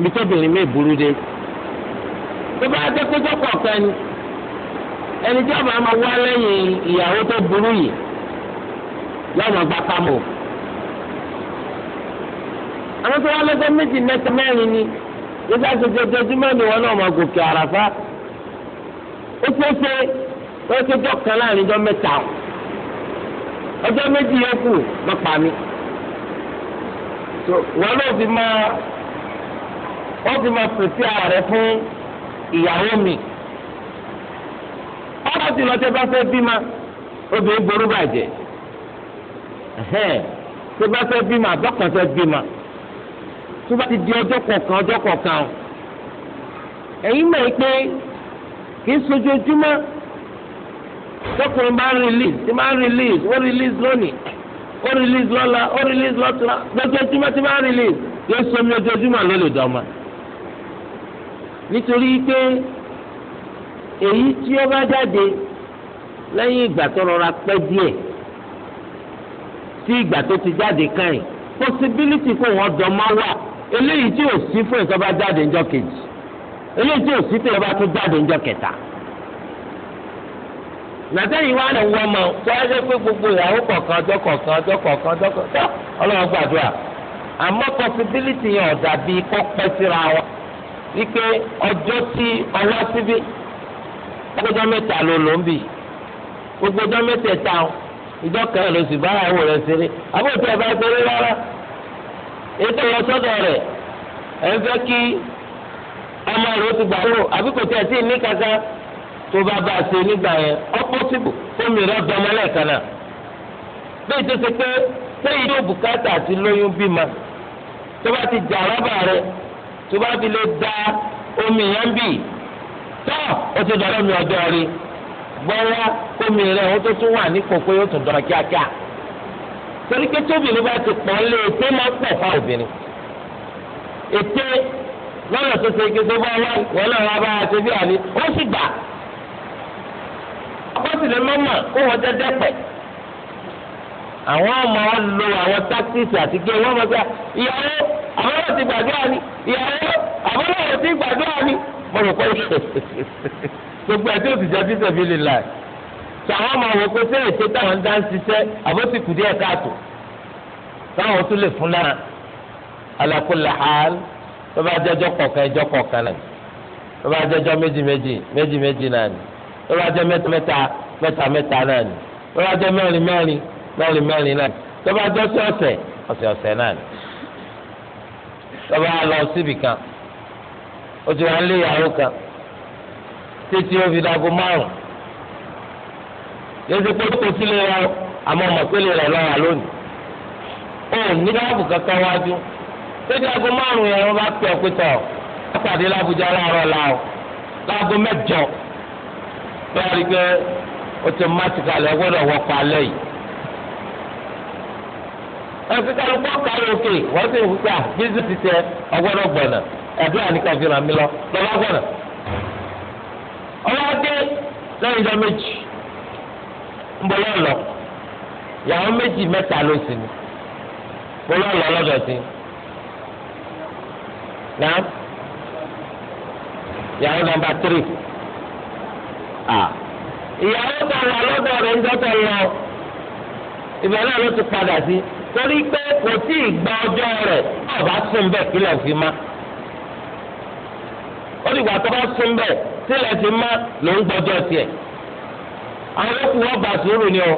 mi tóbìnrin mi burú dé tó bá dé kótó kọ̀ọ̀kan ni ẹni tí ọba máa wá lẹ́yìn ìyàwó tó burú yìí yọ̀ọ́ máa gbá kámò. àwọn tó wá lọ́jọ́ méjì mẹ́ta mẹ́rin ni yíṣẹ́ àtúntò ojoojúmọ́ ni wọn náà máa gòkè àràfá ó ṣe wọ́n jọ kan láàrin ọjọ́ mẹ́ta ọjọ́ méjì yẹn kù wọn náà fi máa ara fún ìyàwó mi ọ̀rọ̀ ti lọ́ọ́ bá fẹ́ bímọ obìnrin ború bàjẹ́ tẹ́ bá fẹ́ bímọ tó bá ti di ọjọ́ kọ̀ọ̀kan ọjọ́ kọ̀ọ̀kan o ẹ̀yin mọ̀ pé kì í sojoojúmọ́ tọkùnrin bá ń release tí máa ń release ó release lónìí ó release lọ́la ó release lọ́túnla lójoojúmọ́ tí máa ń release yóò sọmi ojoojúmọ́ ló lè dọ́mà nítorí pé èyí tí ó bá jáde lẹ́yìn ìgbà tó rọra pẹ́ díẹ̀ sí ìgbà tó ti jáde káyìn possibility kó wọ́n dọ́mà wà. eléyìí tí osi sí fún ìtọ́ bá jáde ńjọ́ kejì eléyìí tí ò sí fún ìtọ́ bá tún jáde ńjọ́ kẹta nàtẹ́yìn wa lè wọ́n mọ tó ẹ pé gbogbo ìyàwó kọ̀ọ̀kan ọjọ́ kọ̀ọ̀kan ọjọ́ kọ̀ọ̀kan ọjọ́ kọ̀ọ̀kan ọlọ́run gbàdúrà àmọ́ possibility yẹn ọ̀dà bíi kọ́pẹ́ síra wọn wípé ọjọ́ tí ọwọ́ síbí mẹ́ta ló ń bì gbogbo mẹ́tẹ̀ẹ̀ta ìjọ kan ètò lọ sọ́dọ̀ rẹ̀ ẹ̀ ọmọ rẹ̀ ó ti gbà wò àbí kò sí ní kankan tó bá bá a ṣe nígbà yẹn ọ́pọ́sibù fómi rẹ̀ ọ̀dọ́ ọmọ lẹ́ẹ̀kan náà tó ṣe pé tó ti da omi yẹn bì tọ́ ti mi rí wà ní yóò tún torí pé tóbìnrin bá ti pọ̀ lé ètè máa ń pọ̀ fún obìnrin ètè lọ́nà tó ṣe kí tó bá wá wọn náà wá bá a ṣe bí àní ó sì gbà akọ́sílẹ̀ mọ́mọ́ kó wọn dẹ́dẹ́ pẹ̀ àwọn ọmọ wọn lo àwọn táktíìsì àti gé wọn mọ sí ìyàwó àwọn náà ti gbàdúrà ni ìyàwó àwọn náà ti gbàdúrà ni mo rò pé gbogbo ẹ̀ tí ó ti jẹ́ bí sẹ́fì lè láì sàwọn ọmọ àwọn pé sẹ́yìn ṣe táwọn ń dá ń ṣiṣẹ́ àbó ti kù díẹ̀ káàtó táwọn tún lè fún lára alákòlè hàn tó bá jẹjọ kọ̀ọ̀kan ẹjọ́ kọ̀ọ̀kan náà tó bá jẹjọ méjì méjì méjì méjì náà ni tó bá jẹ mẹ́ta mẹ́ta mẹ́ta mẹ́ta náà ni tó bá jẹ mẹ́rin mẹ́rin mẹ́rin mẹ́rin náà ni tó bá jọ sí ọ̀sẹ̀ ọ̀sẹ̀ ọ̀sẹ̀ náà ni tó bá lọ síbì kan ó ti wá ń lé ìyàwó kan títí ó fi dago márùn-ún yéésì pé kó sílé rẹ àmọ́ ọmọ pélé rẹ lọ́wọ́ lónìí ó ní dáàbò kankan wájú tẹ́tí aago márùn-ún yẹn wọ́n bá pẹ́ ọ̀pẹ́tọ̀ ọ̀pàdé làbújá láàárọ̀ làwọn láago mẹ́jọ bẹ́ẹ̀ rí pé automatically ẹ gbọ́dọ̀ wọ palẹ̀ yìí. ẹ̀sìn kálukú ọ̀ka lókè wọ́n sì ń wípé à ah, bísí ti tẹ ọgbọ́dọ̀ gbọ̀nà ẹ̀dúrà ní káfíńrà mi lọ lọ́wọ́ gbọ̀nà. ọlọ́dẹ lẹ́yìn ìjọ méjì ń bọ́ yọ̀ lọ ìyàwó méjì mẹ́ta ló sì ní bọ́ yọ̀ lọ lọ́dọ̀ sí náà ìyàwó nọ́mbà tírì ìyàwó tó wà lọ́dọ̀ rẹ̀ ń dọ́tọ̀ lọ ìbẹ̀ náà ló ti padà sí torí pé kò tí ì gba ọjọ́ rẹ̀ náà bá sùn bẹ́ẹ̀ kílẹ̀ fi má ó dìgbà tó bá sùn bẹ́ẹ̀ sílẹ̀ fi má ló ń gbọ́jọ́ tiẹ̀. àwọn ọba wọn bá sùúrù ni o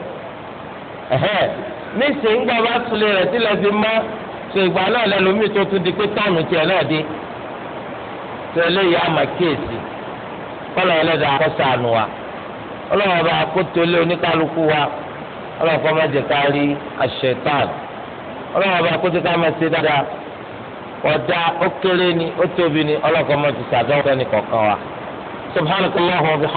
nísìnyí ń gbà bá sulè rẹ̀ sílẹ̀ fi mọ́ so ìgbà náà lẹ́nu tó tún di pé táàmù tiẹ̀ náà dé tẹ́lẹ̀ yà má kọ́lọ̀ ẹlẹ́dà akọ́sàánù wa ọlọ́wọ́ bá oníkálukú wa ọlọ́wọ́ kọ́ má jẹ àṣetán ọlọ́wọ́ bá ká má ṣe dáadáa ọ̀dà ni ó tóbi ni má ti ni kọ̀ọ̀kan wa wa